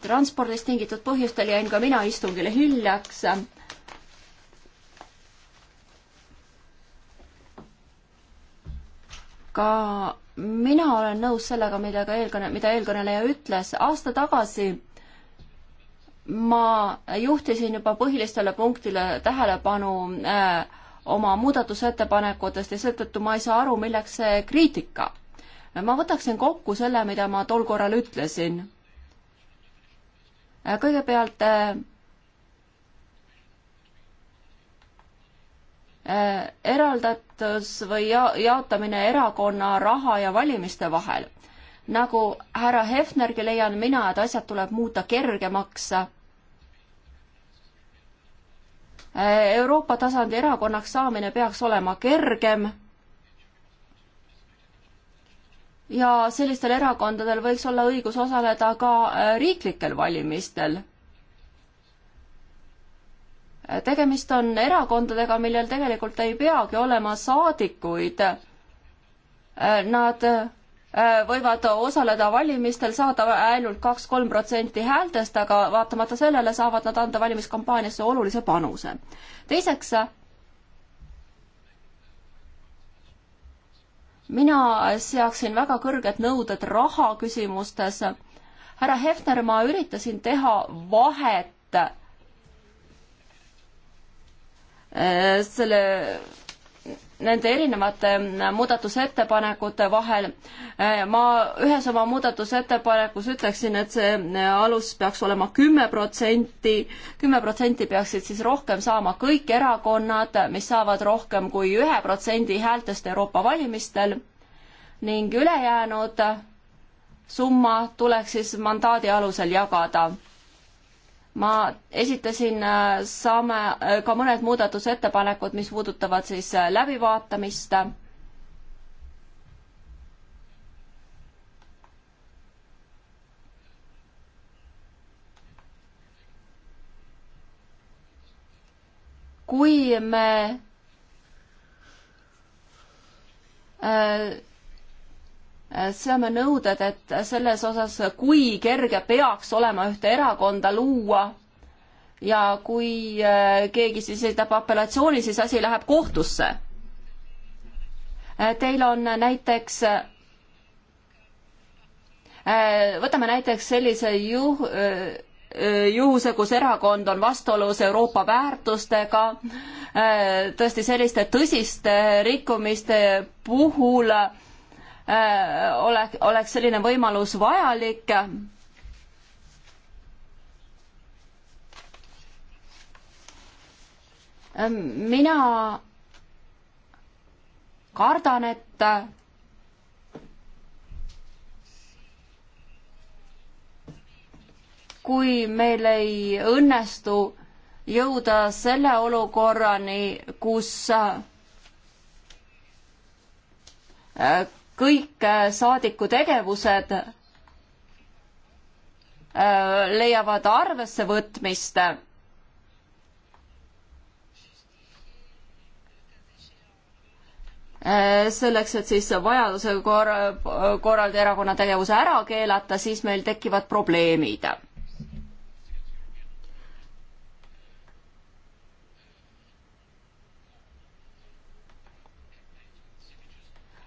B: transpordist tingitud põhjustel jäin ka mina istungile hiljaks. ka mina olen nõus sellega, mida ka eelkõne, mida eelkõneleja ütles. aasta tagasi ma juhtisin juba põhilistele punktile tähelepanu äh, oma muudatusettepanekutest ja seetõttu ma ei saa aru, milleks see kriitika. ma võtaksin kokku selle, mida ma tol korral ütlesin. Äh, kõigepealt äh, Äh, eraldatus või ja-, jaotamine erakonna raha ja valimiste vahel. nagu härra Hefnergi leian mina, et asjad tuleb muuta kergemaks. Äh, Euroopa tasandi erakonnaks saamine peaks olema kergem ja sellistel erakondadel võiks olla õigus osaleda ka äh, riiklikel valimistel tegemist on erakondadega, millel tegelikult ei peagi olema saadikuid. Nad äh, võivad osaleda valimistel, saada ainult kaks-kolm protsenti häältest, aga vaatamata sellele saavad nad anda valimiskampaaniasse olulise panuse. teiseks, mina seaksin väga kõrged nõuded raha küsimustes. härra Hefner, ma üritasin teha vahet Äh, selle nende erinevate äh, muudatusettepanekute vahel. Äh, ma ühes oma muudatusettepanekus ütleksin, et see alus peaks olema kümme protsenti, kümme protsenti peaksid siis rohkem saama kõik erakonnad, mis saavad rohkem kui ühe protsendi häältest Euroopa valimistel ning ülejäänud summa tuleks siis mandaadi alusel jagada ma esitasin äh, saame äh, ka mõned muudatusettepanekud, mis puudutavad siis äh, läbivaatamist. kui me äh, seame nõuded, et selles osas, kui kerge peaks olema ühte erakonda luua ja kui äh, keegi siis esitab apellatsiooni, siis asi läheb kohtusse. Äh, teil on näiteks, äh, võtame näiteks sellise juh-, juhuse, kus erakond on vastuolus Euroopa väärtustega, tõesti selliste tõsiste rikkumiste puhul Äh, oleks, oleks selline võimalus vajalik. Ähm, mina kardan, et kui meil ei õnnestu jõuda selle olukorrani, kus äh, kõik äh, saadiku tegevused äh, leiavad arvesse võtmist. Äh, selleks, et siis vajaduse korral, korral erakonna tegevuse ära keelata, siis meil tekivad probleemid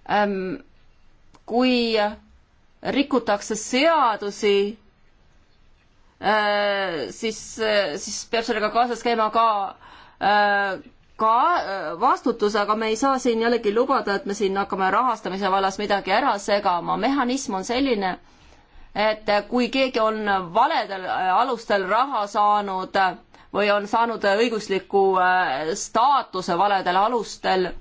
B: ähm, kui rikutakse seadusi, äh, siis, äh, siis peab sellega kaasas käima ka, äh, ka vastutus, aga me ei saa siin jällegi lubada, et me siin hakkame rahastamise vallas midagi ära segama, mehhanism on selline, et kui keegi on valedel alustel raha saanud või on saanud õigusliku staatuse valedel alustel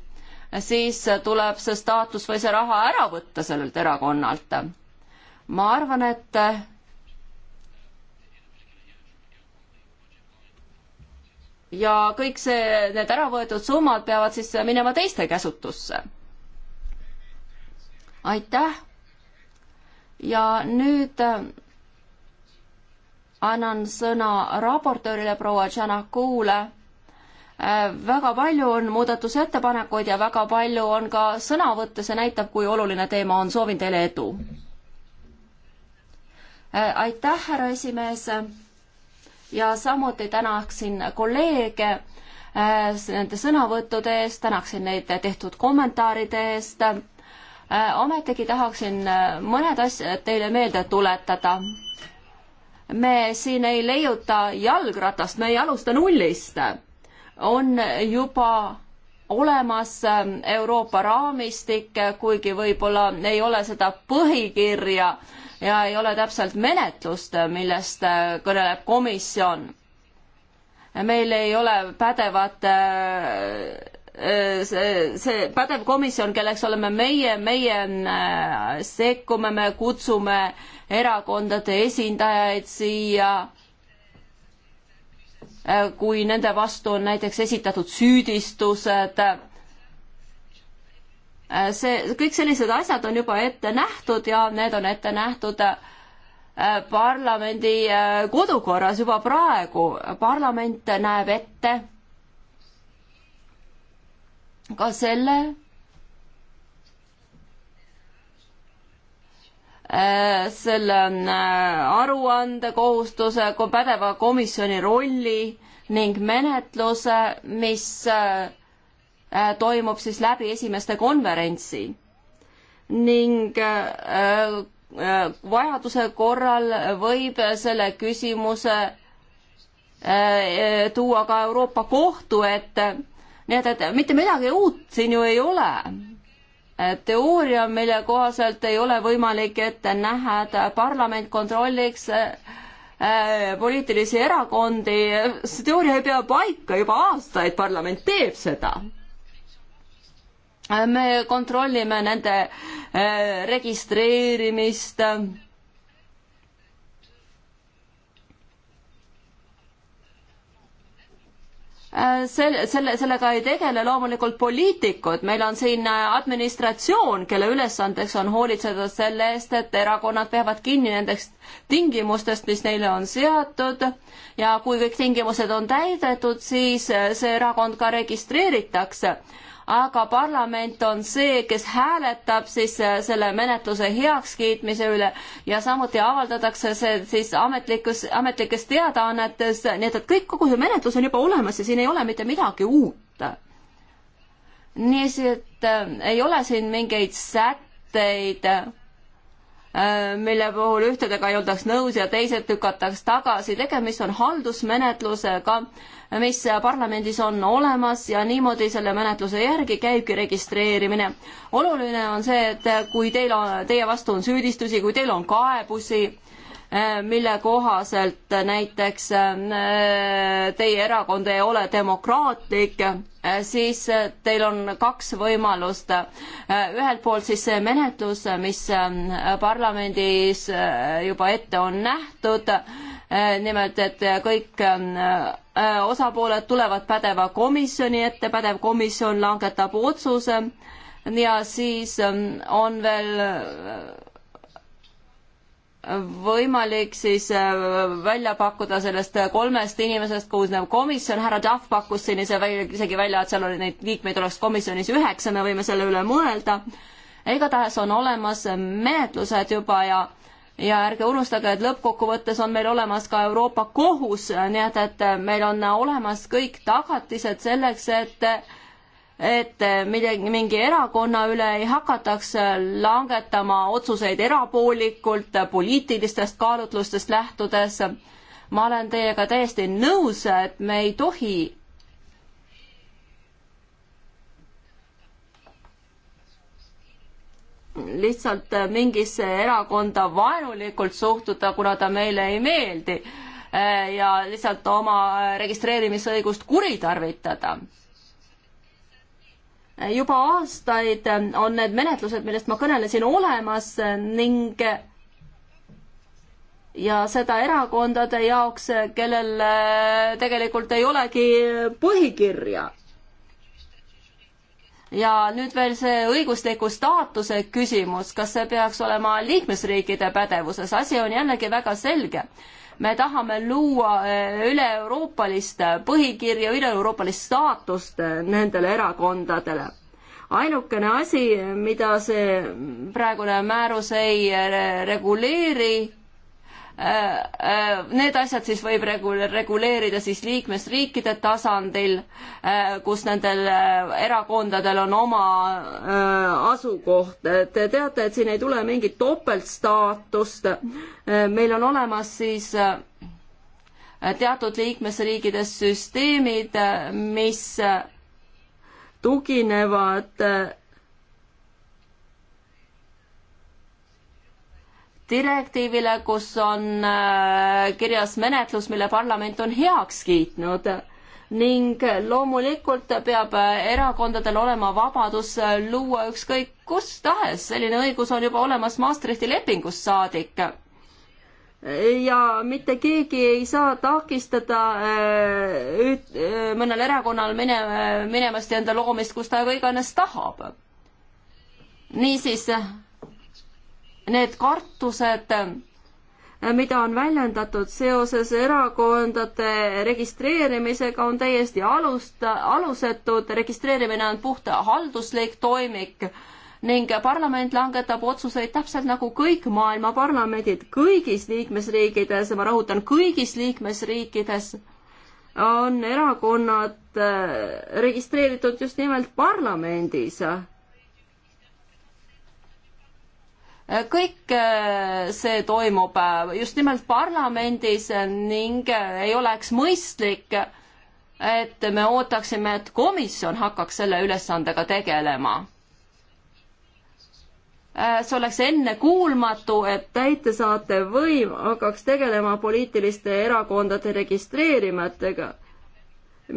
B: siis tuleb see staatus või see raha ära võtta sellelt erakonnalt. ma arvan, et ja kõik see, need ära võetud summad peavad siis minema teiste käsutusse. aitäh. ja nüüd äh, annan sõna raportöörile proua Tšanakule Äh, väga palju on muudatusettepanekuid ja väga palju on ka sõnavõtte, see näitab, kui oluline teema on, soovin teile edu. Äh, aitäh, härra esimees. ja samuti tänaksin kolleege äh, nende sõnavõttude eest, tänaksin neid tehtud kommentaaride eest. ometigi tahaksin mõned asjad teile meelde tuletada me siin ei leiuta jalgratast, me ei alusta nullist on juba olemas ähm, Euroopa raamistik, kuigi võib-olla ei ole seda põhikirja ja ei ole täpselt menetlust, millest äh, kõneleb komisjon. meil ei ole pädevat äh, äh, see, see pädev komisjon, kelleks oleme meie, meie sekkume, me kutsume erakondade esindajaid siia Äh, kui nende vastu on näiteks esitatud süüdistused. Äh, see, kõik sellised asjad on juba ette nähtud ja need on ette nähtud äh, parlamendi kodukorras juba praegu. parlament näeb ette ka selle, Äh, selle äh, aruandekohustuse, pädeva komisjoni rolli ning menetluse, mis äh, toimub siis läbi esimeste konverentsi ning vajaduse korral võib selle küsimuse tuua ka Euroopa Kohtu ette, nii et, et mitte midagi uut siin ju ei ole teooria, mille kohaselt ei ole võimalik ette näha, et parlament kontrolliks äh, äh, poliitilisi erakondi, see teooria ei pea paika, juba aastaid parlament teeb seda me kontrollime nende äh, registreerimist Äh, selle, selle, sellega ei tegele loomulikult poliitikud, meil on siin äh, administratsioon, kelle ülesandeks on hoolitseda selle eest, et erakonnad peavad kinni nendest tingimustest, mis neile on seatud ja kui kõik tingimused on täidetud, siis äh, see erakond ka registreeritakse aga parlament on see, kes hääletab siis äh, selle menetluse heakskiitmise üle ja samuti avaldatakse see siis ametlikus, ametlikes teadaannetes, nii et, et kõik, kogu see menetlus on juba olemas ja siin ei ole mitte midagi uut. nii et äh, ei ole siin mingeid sätteid äh, Äh, mille puhul ühtedega ei oldaks nõus ja teised lükataks tagasi. tegemist on haldusmenetlusega, mis parlamendis on olemas ja niimoodi selle menetluse järgi käibki registreerimine. oluline on see, et kui teil on, teie vastu on süüdistusi, kui teil on kaebusi, Äh, mille kohaselt näiteks äh, teie erakond ei ole demokraatlik, äh, siis teil on kaks võimalust. ühelt poolt siis see menetlus, mis parlamendis juba ette on nähtud, nimelt et kõik osapooled tulevad pädeva komisjoni ette, pädev komisjon langetab otsuse ja siis ähm, on veel võimalik siis äh, välja pakkuda sellest kolmest inimesest koosnev komisjon, härra Duff pakkus siin ise välja, isegi välja, et seal oli neid liikmeid oleks komisjonis üheksa, me võime selle üle mõelda. igatahes on olemas menetlused juba ja, ja ärge unustage, et lõppkokkuvõttes on meil olemas ka Euroopa Kohus, nii et, et meil on olemas kõik tagatised selleks, et et eh, midagi, mingi erakonna üle ei hakataks eh, langetama otsuseid erapoolikult, eh, poliitilistest kaalutlustest lähtudes. ma olen teiega täiesti nõus, et me ei tohi lihtsalt mingisse erakonda vaenulikult suhtuda, kuna ta meile ei meeldi ja lihtsalt oma registreerimisõigust kuritarvitada juba aastaid on need menetlused, millest ma kõnelesin, olemas ning ja seda erakondade jaoks, kellel äh, tegelikult ei olegi põhikirja. ja nüüd veel see õigusliku staatuse küsimus, kas see peaks olema liikmesriikide pädevuses, asi on jällegi väga selge me tahame luua eh, üle-euroopalist eh, põhikirja, üle-euroopalist staatust eh, nendele erakondadele. ainukene asi, mida see praegune määrus ei reguleeri, Äh, äh, need asjad siis võib reguleerida siis liikmesriikide tasandil, äh, kus nendel erakondadel on oma asukoht. Te teate, et siin ei tule mingit topeltstaatust. meil on olemas siis teatud liikmesriikides süsteemid, mis tuginevad direktiivile, kus on äh, kirjas menetlus, mille parlament on heaks kiitnud ning loomulikult peab äh, erakondadel olema vabadus äh, luua ükskõik kus tahes, selline õigus on juba olemas Maastrichti lepingust saadik. ja mitte keegi ei saa takistada üht, mõnel erakonnal mine, minemast ja enda loomist, kus ta või iganes tahab. niisiis need kartused, mida on väljendatud seoses erakondade registreerimisega, on täiesti alust, alusetud, registreerimine on puht halduslik toimik ning parlament langetab otsuseid täpselt nagu kõik maailma parlamendid kõigis liikmesriikides, ma rõhutan, kõigis liikmesriikides on erakonnad äh, registreeritud just nimelt parlamendis kõik äh, see toimub äh, just nimelt parlamendis ning äh, ei oleks mõistlik, et me ootaksime, et komisjon hakkaks selle ülesandega tegelema. see oleks ennekuulmatu, et täitesaatev võim hakkaks tegelema poliitiliste erakondade registreerimatega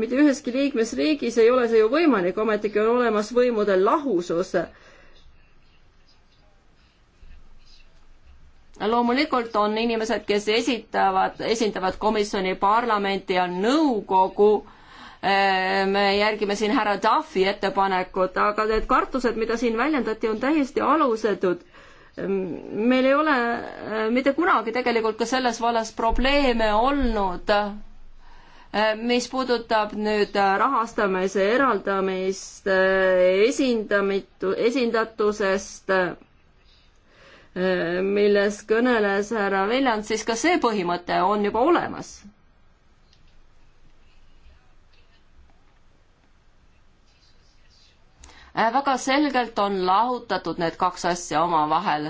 B: mitte üheski liikmesriigis ei ole see ju võimalik, ometigi on olemas võimude lahusus loomulikult on inimesed, kes esitavad, esindavad komisjoni, parlamenti ja nõukogu äh, me järgime siin härra Duffi ettepanekut, aga need kartused, mida siin väljendati, on täiesti alusetud. Äh, meil ei ole äh, mitte kunagi tegelikult ka selles vallas probleeme olnud. mis puudutab nüüd rahastamise eraldamist esindamitu-, esindatusest millest kõneles härra Viljand, siis ka see põhimõte on juba olemas. väga selgelt on lahutatud need kaks asja omavahel.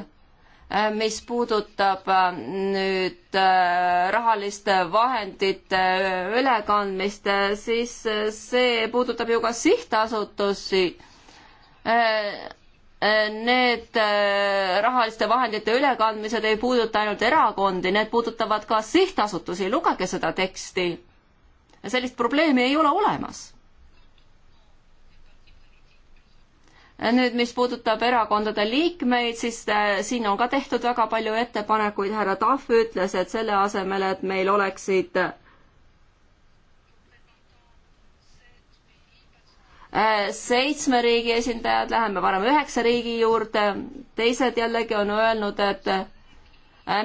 B: mis puudutab äh, nüüd äh, rahaliste vahendite äh, ülekandmist, siis see puudutab ju ka sihtasutusi need äh, rahaliste vahendite ülekandmised ei puuduta ainult erakondi, need puudutavad ka sihtasutusi, lugege seda teksti. sellist probleemi ei ole olemas. nüüd, mis puudutab erakondade liikmeid, siis äh, siin on ka tehtud väga palju ettepanekuid, härra Tahv ütles, et selle asemel, et meil oleksid äh, Äh, seitsme riigi esindajad, läheme varem üheksa riigi juurde, teised jällegi on öelnud, et äh,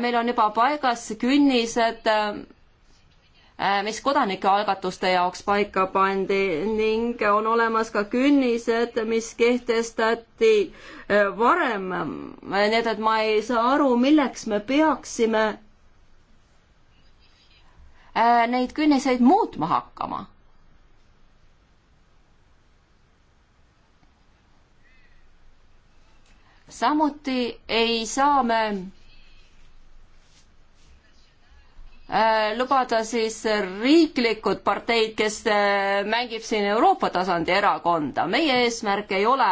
B: meil on juba paigas künnised, äh, mis kodanikealgatuste jaoks paika pandi ning on olemas ka künnised, mis kehtestati varem. nii et, et ma ei saa aru, milleks me peaksime neid künniseid muutma hakkama samuti ei saa me äh, lubada siis riiklikud parteid, kes äh, mängib siin Euroopa tasandi erakonda. meie eesmärk ei ole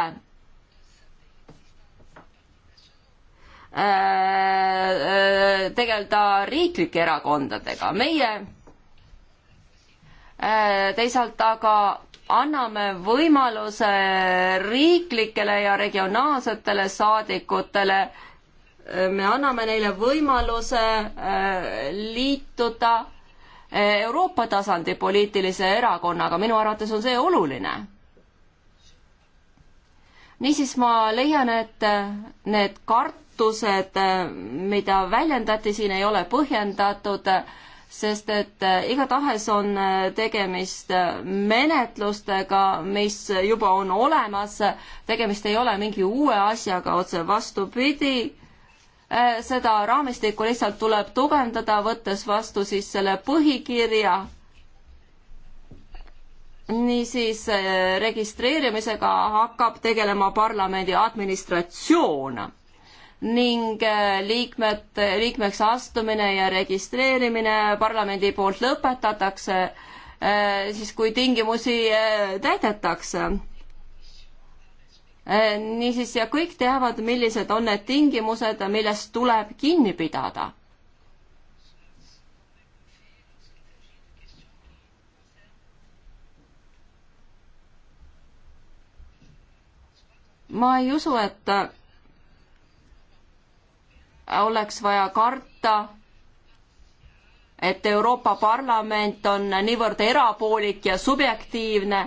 B: äh, tegeleda riiklike erakondadega, meie teisalt aga anname võimaluse riiklikele ja regionaalsetele saadikutele, me anname neile võimaluse äh, liituda äh, Euroopa tasandi poliitilise erakonnaga, minu arvates on see oluline. niisiis ma leian, et äh, need kartused, mida väljendati siin, ei ole põhjendatud sest et äh, igatahes on äh, tegemist äh, menetlustega, mis juba on olemas, tegemist ei ole mingi uue asjaga, otse vastupidi, seda raamistikku lihtsalt tuleb tugevdada, võttes vastu siis selle põhikirja, niisiis registreerimisega hakkab tegelema parlamendi administratsioon ning äh, liikmed, liikmeks astumine ja registreerimine parlamendi poolt lõpetatakse äh, siis, kui tingimusi äh, täidetakse niisiis, ja kõik teavad, millised on need tingimused, millest tuleb kinni pidada. ma ei usu, et oleks vaja karta, et Euroopa Parlament on niivõrd erapoolik ja subjektiivne,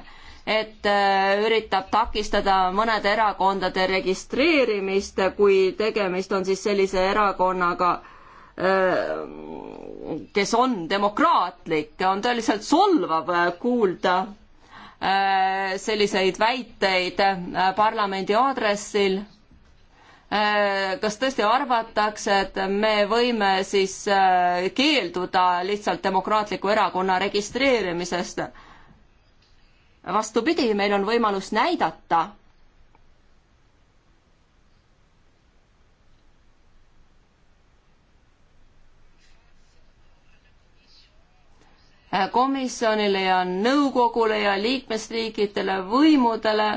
B: et äh, üritab takistada mõnede erakondade registreerimist, kui tegemist on siis sellise erakonnaga, äh, kes on demokraatlik, on tõeliselt solvav äh, kuulda selliseid väiteid parlamendi aadressil Äh, kas tõesti arvatakse, et me võime siis äh, keelduda lihtsalt demokraatliku erakonna registreerimisest? vastupidi, meil on võimalus näidata, äh, komisjonile ja nõukogule ja liikmesriikidele, võimudele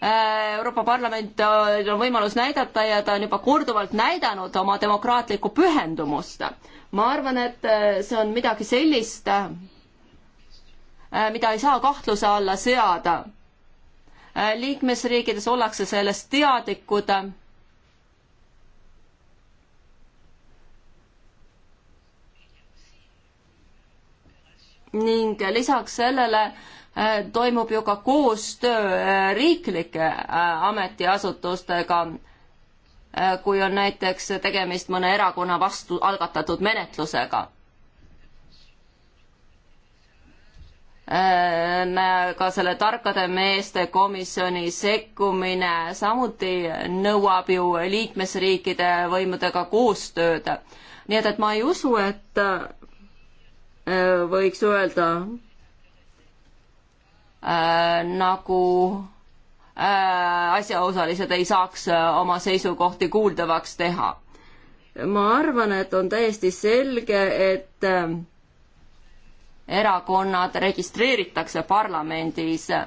B: Äh, Euroopa Parlament äh, on võimalus näidata ja ta on juba korduvalt näidanud oma demokraatlikku pühendumust. ma arvan, et äh, see on midagi sellist, mida ei saa kahtluse alla seada. liikmesriikides ollakse sellest teadlikud. ning lisaks sellele äh, toimub ju ka koostöö äh, riiklike äh, ametiasutustega, äh, kui on näiteks tegemist mõne erakonna vastu algatatud menetlusega. ka selle tarkade meeste komisjoni sekkumine samuti nõuab ju liikmesriikide võimudega koostööd. nii et, et ma ei usu, et võiks öelda äh, nagu äh, asjaosalised ei saaks äh, oma seisukohti kuuldavaks teha. ma arvan, et on täiesti selge, et äh, erakonnad registreeritakse parlamendis äh,.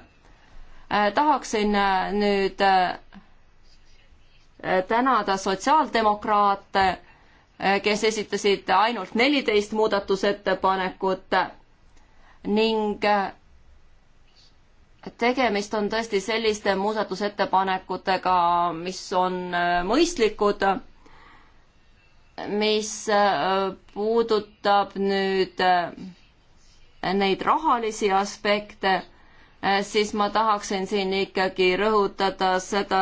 B: tahaksin äh, nüüd äh, tänada sotsiaaldemokraate äh, kes esitasid ainult neliteist muudatusettepanekut ning äh, tegemist on tõesti selliste muudatusettepanekutega, mis on äh, mõistlikud, mis äh, puudutab nüüd äh, neid rahalisi aspekte, siis ma tahaksin siin ikkagi rõhutada seda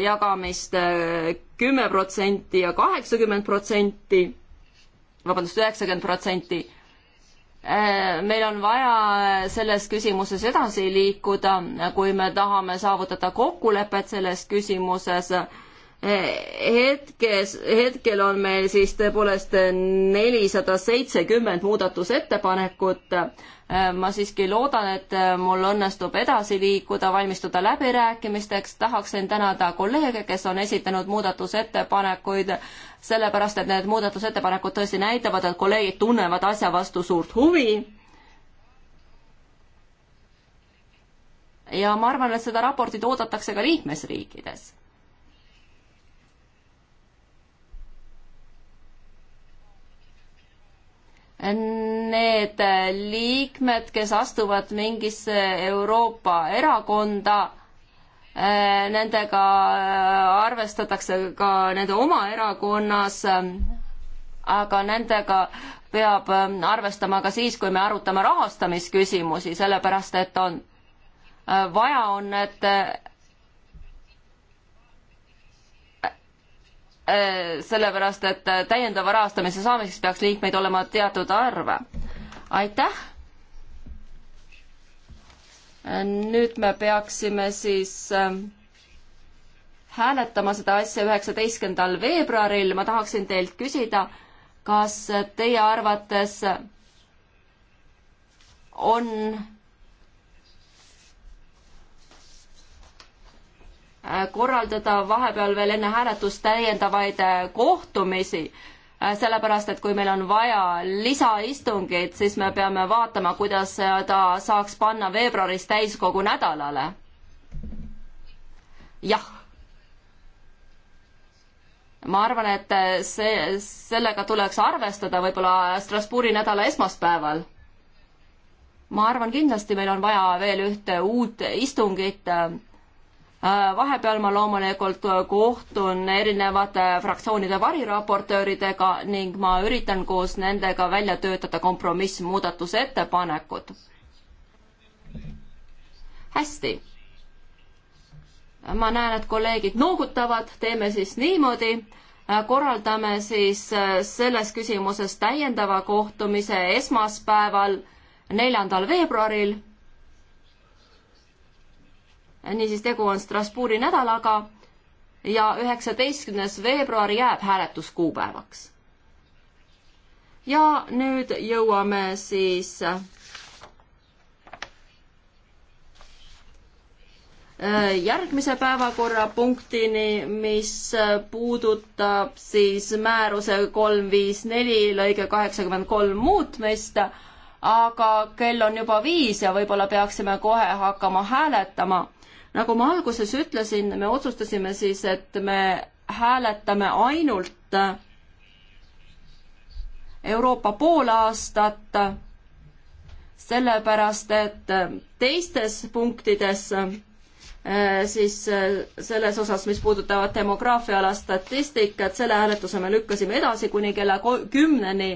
B: jagamist kümme protsenti ja kaheksakümmend protsenti, vabandust, üheksakümmend protsenti Äh, meil on vaja selles küsimuses edasi liikuda, kui me tahame saavutada kokkulepet selles küsimuses hetkes, hetkel on meil siis tõepoolest nelisada seitsekümmend muudatusettepanekut. ma siiski loodan, et mul õnnestub edasi liikuda, valmistuda läbirääkimisteks, tahaksin tänada kolleege, kes on esitanud muudatusettepanekuid, sellepärast et need muudatusettepanekud tõesti näitavad, et kolleegid tunnevad asja vastu suurt huvi ja ma arvan, et seda raportit oodatakse ka liikmesriikides need liikmed, kes astuvad mingisse Euroopa erakonda, eh, nendega eh, arvestatakse ka nende oma erakonnas, eh, aga nendega peab arvestama ka siis, kui me arutame rahastamisküsimusi, sellepärast et on, vaja on, et Äh, sellepärast et äh, täiendava rahastamise saamiseks peaks liikmeid olema teatud arv. aitäh. Äh, nüüd me peaksime siis ähm, hääletama seda asja üheksateistkümnendal veebruaril. ma tahaksin teilt küsida, kas teie arvates on Äh, korraldada vahepeal veel enne hääletust täiendavaid äh, kohtumisi, äh, sellepärast et kui meil on vaja lisaistungeid, siis me peame vaatama, kuidas ta saaks panna veebruaris täiskogu nädalale. jah ma arvan, et see, sellega tuleks arvestada võib-olla Strasbourgi nädala esmaspäeval. ma arvan, kindlasti meil on vaja veel ühte uut istungit Äh, vahepeal ma loomulikult äh, kohtun erinevate äh, fraktsioonide variraportööridega ning ma üritan koos nendega välja töötada kompromissmuudatuse ettepanekud. hästi. ma näen, et kolleegid noogutavad, teeme siis niimoodi korraldame siis selles küsimuses täiendava kohtumise esmaspäeval, neljandal veebruaril niisiis, tegu on Strasbourgi nädalaga ja üheksateistkümnes veebruar jääb hääletuskuupäevaks. ja nüüd jõuame siis äh, järgmise päevakorrapunktini, mis puudutab siis määruse kolm viis neli lõige kaheksakümmend kolm muutmist, aga kell on juba viis ja võib-olla peaksime kohe hakkama hääletama nagu ma alguses ütlesin, me otsustasime siis, et me hääletame ainult Euroopa poolaastat, sellepärast et teistes punktides eh, siis eh, selles osas, mis puudutavad demograafia alast statistikat, selle hääletuse me lükkasime edasi kuni kella kümneni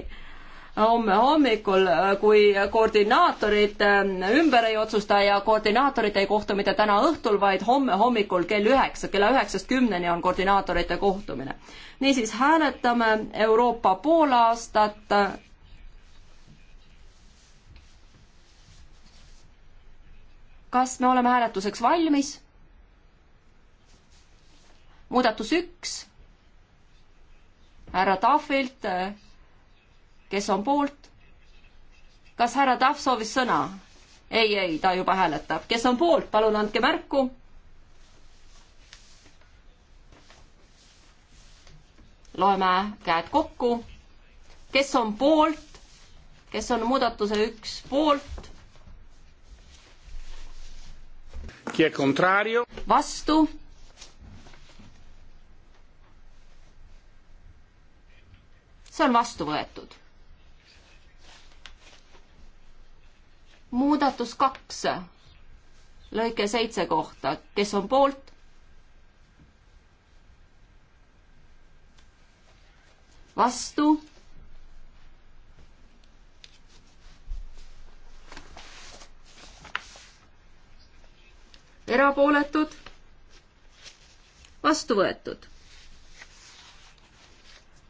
B: homme hommikul, äh, kui koordinaatorid äh, ümber ei otsusta ja koordinaatorid ei kohtu mitte täna õhtul, vaid homme hommikul kell üheksa, kella üheksast kümneni on koordinaatorite kohtumine. niisiis hääletame Euroopa poolaastat. kas me oleme hääletuseks valmis? muudatus üks, härra Tahvilt äh, kes on poolt? kas härra Tahv soovis sõna? ei, ei, ta juba hääletab. kes on poolt, palun andke märku. loeme käed kokku. kes on poolt? kes on muudatuse üks poolt? vastu see on vastu võetud. muudatus kaks lõike seitse kohta, kes on poolt? vastu? erapooletud? vastu võetud?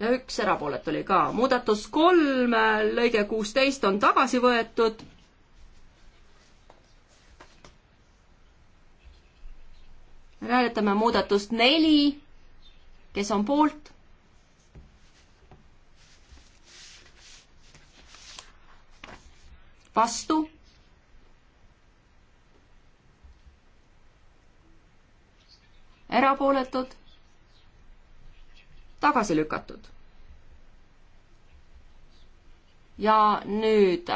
B: ja üks erapooletu oli ka. muudatus kolm, lõige kuusteist on tagasi võetud hääletame muudatust neli, kes on poolt? vastu? erapooletud? tagasi lükatud? ja nüüd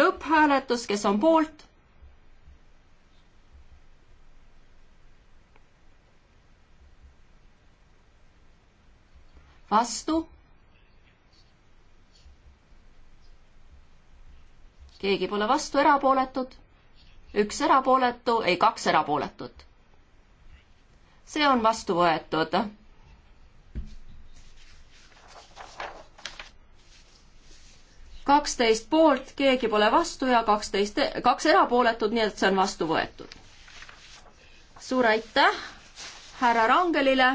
B: lõpphääletus, kes on poolt vastu. keegi pole vastu, erapooletud. üks erapooletu, ei, kaks erapooletut. see on vastu võetud. kaksteist poolt, keegi pole vastu ja kaksteist, kaks erapooletut, nii et see on vastu võetud. suur aitäh härra Rangelile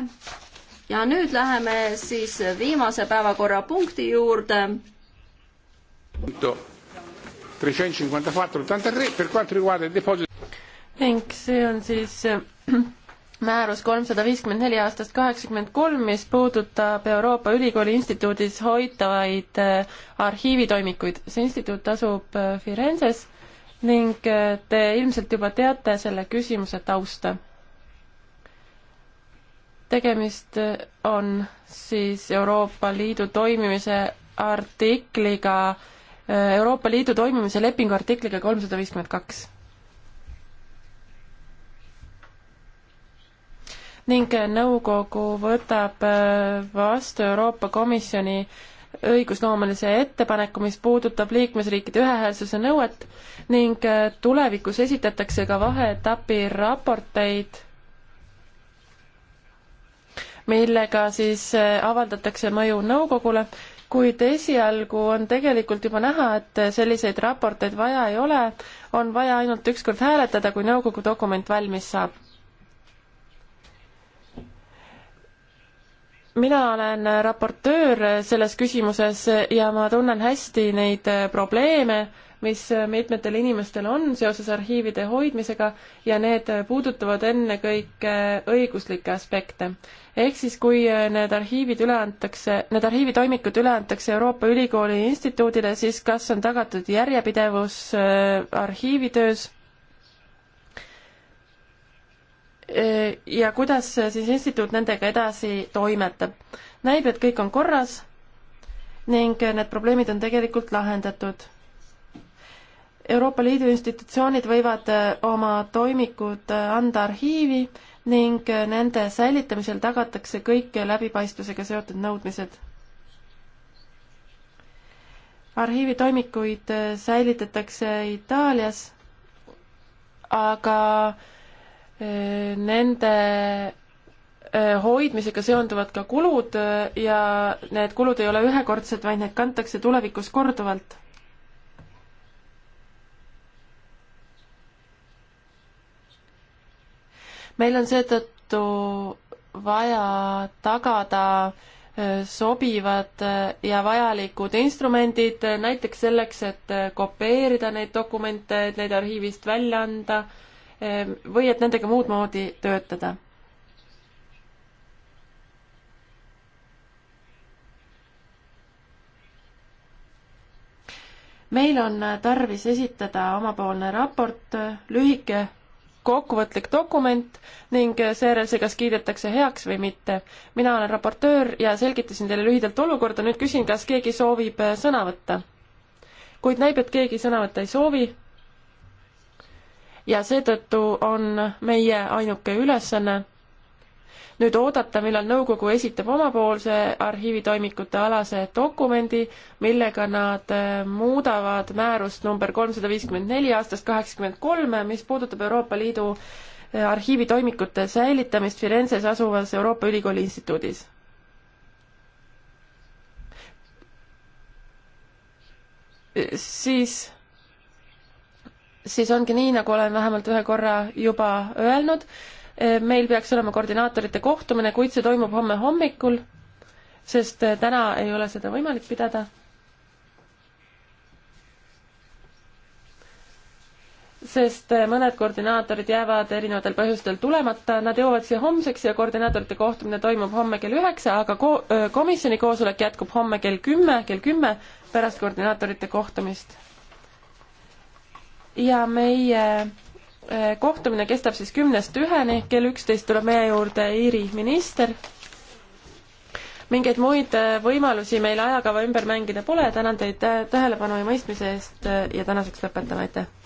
B: ja nüüd läheme siis viimase päevakorrapunkti juurde. ning
D: see on siis äh, määrus kolmsada viiskümmend neli aastast kaheksakümmend kolm, mis puudutab Euroopa Ülikooli instituudis hoitavaid äh, arhiivitoimikuid. see instituut asub äh, Firenzes ning te ilmselt juba teate selle küsimuse tausta tegemist on siis Euroopa Liidu toimimise artikliga, Euroopa Liidu toimimise lepingu artikliga kolmsada viiskümmend kaks. ning nõukogu võtab vastu Euroopa Komisjoni õigusloomelise ettepaneku, mis puudutab liikmesriikide ühehäälsuse nõuet ning tulevikus esitatakse ka vaheetapi raporteid millega siis eh, avaldatakse mõju nõukogule, kuid esialgu on tegelikult juba näha, et selliseid raporteid vaja ei ole, on vaja ainult ükskord hääletada, kui nõukogu dokument valmis saab. mina olen raportöör selles küsimuses ja ma tunnen hästi neid eh, probleeme mis mitmetel inimestel on seoses arhiivide hoidmisega ja need puudutavad ennekõike õiguslikke aspekte. ehk siis, kui need arhiivid üle antakse, need arhiivitoimikud üle antakse Euroopa Ülikooli instituudile, siis kas on tagatud järjepidevus äh, arhiivitöös äh, ja kuidas siis instituut nendega edasi toimetab. näib, et kõik on korras ning need probleemid on tegelikult lahendatud. Euroopa Liidu institutsioonid võivad äh, oma toimikud äh, anda arhiivi ning äh, nende säilitamisel tagatakse kõik läbipaistvusega seotud nõudmised. arhiivitoimikuid säilitatakse Itaalias, aga nende hoidmisega seonduvad ka kulud ja need kulud ei ole ühekordsed, vaid need kantakse tulevikus korduvalt meil on seetõttu vaja tagada äh, sobivad äh, ja vajalikud instrumendid, äh, näiteks selleks, et kopeerida neid dokumente, et neid arhiivist välja anda või et nendega muud moodi töötada. meil on tarvis esitada omapoolne raport, lühike kokkuvõtlik dokument ning seejärel see kas kiidetakse heaks või mitte. mina olen raportöör ja selgitasin teile lühidalt olukorda, nüüd küsin, kas keegi soovib äh, sõna võtta. kuid näib, et keegi sõna võtta ei soovi. ja seetõttu on meie ainuke ülesanne nüüd oodata, millal nõukogu esitab omapoolse arhiivitoimikute alase dokumendi, millega nad äh, muudavad määrust number kolmsada viiskümmend neli aastast kaheksakümmend kolme, mis puudutab Euroopa Liidu äh, arhiivitoimikute säilitamist Firenzes asuvas Euroopa Ülikooli instituudis siis, siis ongi nii, nagu olen vähemalt ühe korra juba öelnud, Eh, meil peaks olema koordinaatorite kohtumine, kuid see toimub homme hommikul, sest eh, täna ei ole seda võimalik pidada. sest eh, mõned koordinaatorid jäävad erinevatel põhjustel tulemata, nad jõuavad siia homseks ja koordinaatorite kohtumine toimub homme kell üheksa, aga ko-, komisjoni koosolek jätkub homme kell kümme, kell kümme pärast koordinaatorite kohtumist. ja meie äh, Eh, kohtumine kestab siis kümnest üheni, kell üksteist tuleb meie juurde Iiri minister. mingeid muid eh, võimalusi meil ajakava ümber mängida pole, tänan teid eh, tähelepanu ja mõistmise eest ja tänaseks lõpetame, aitäh!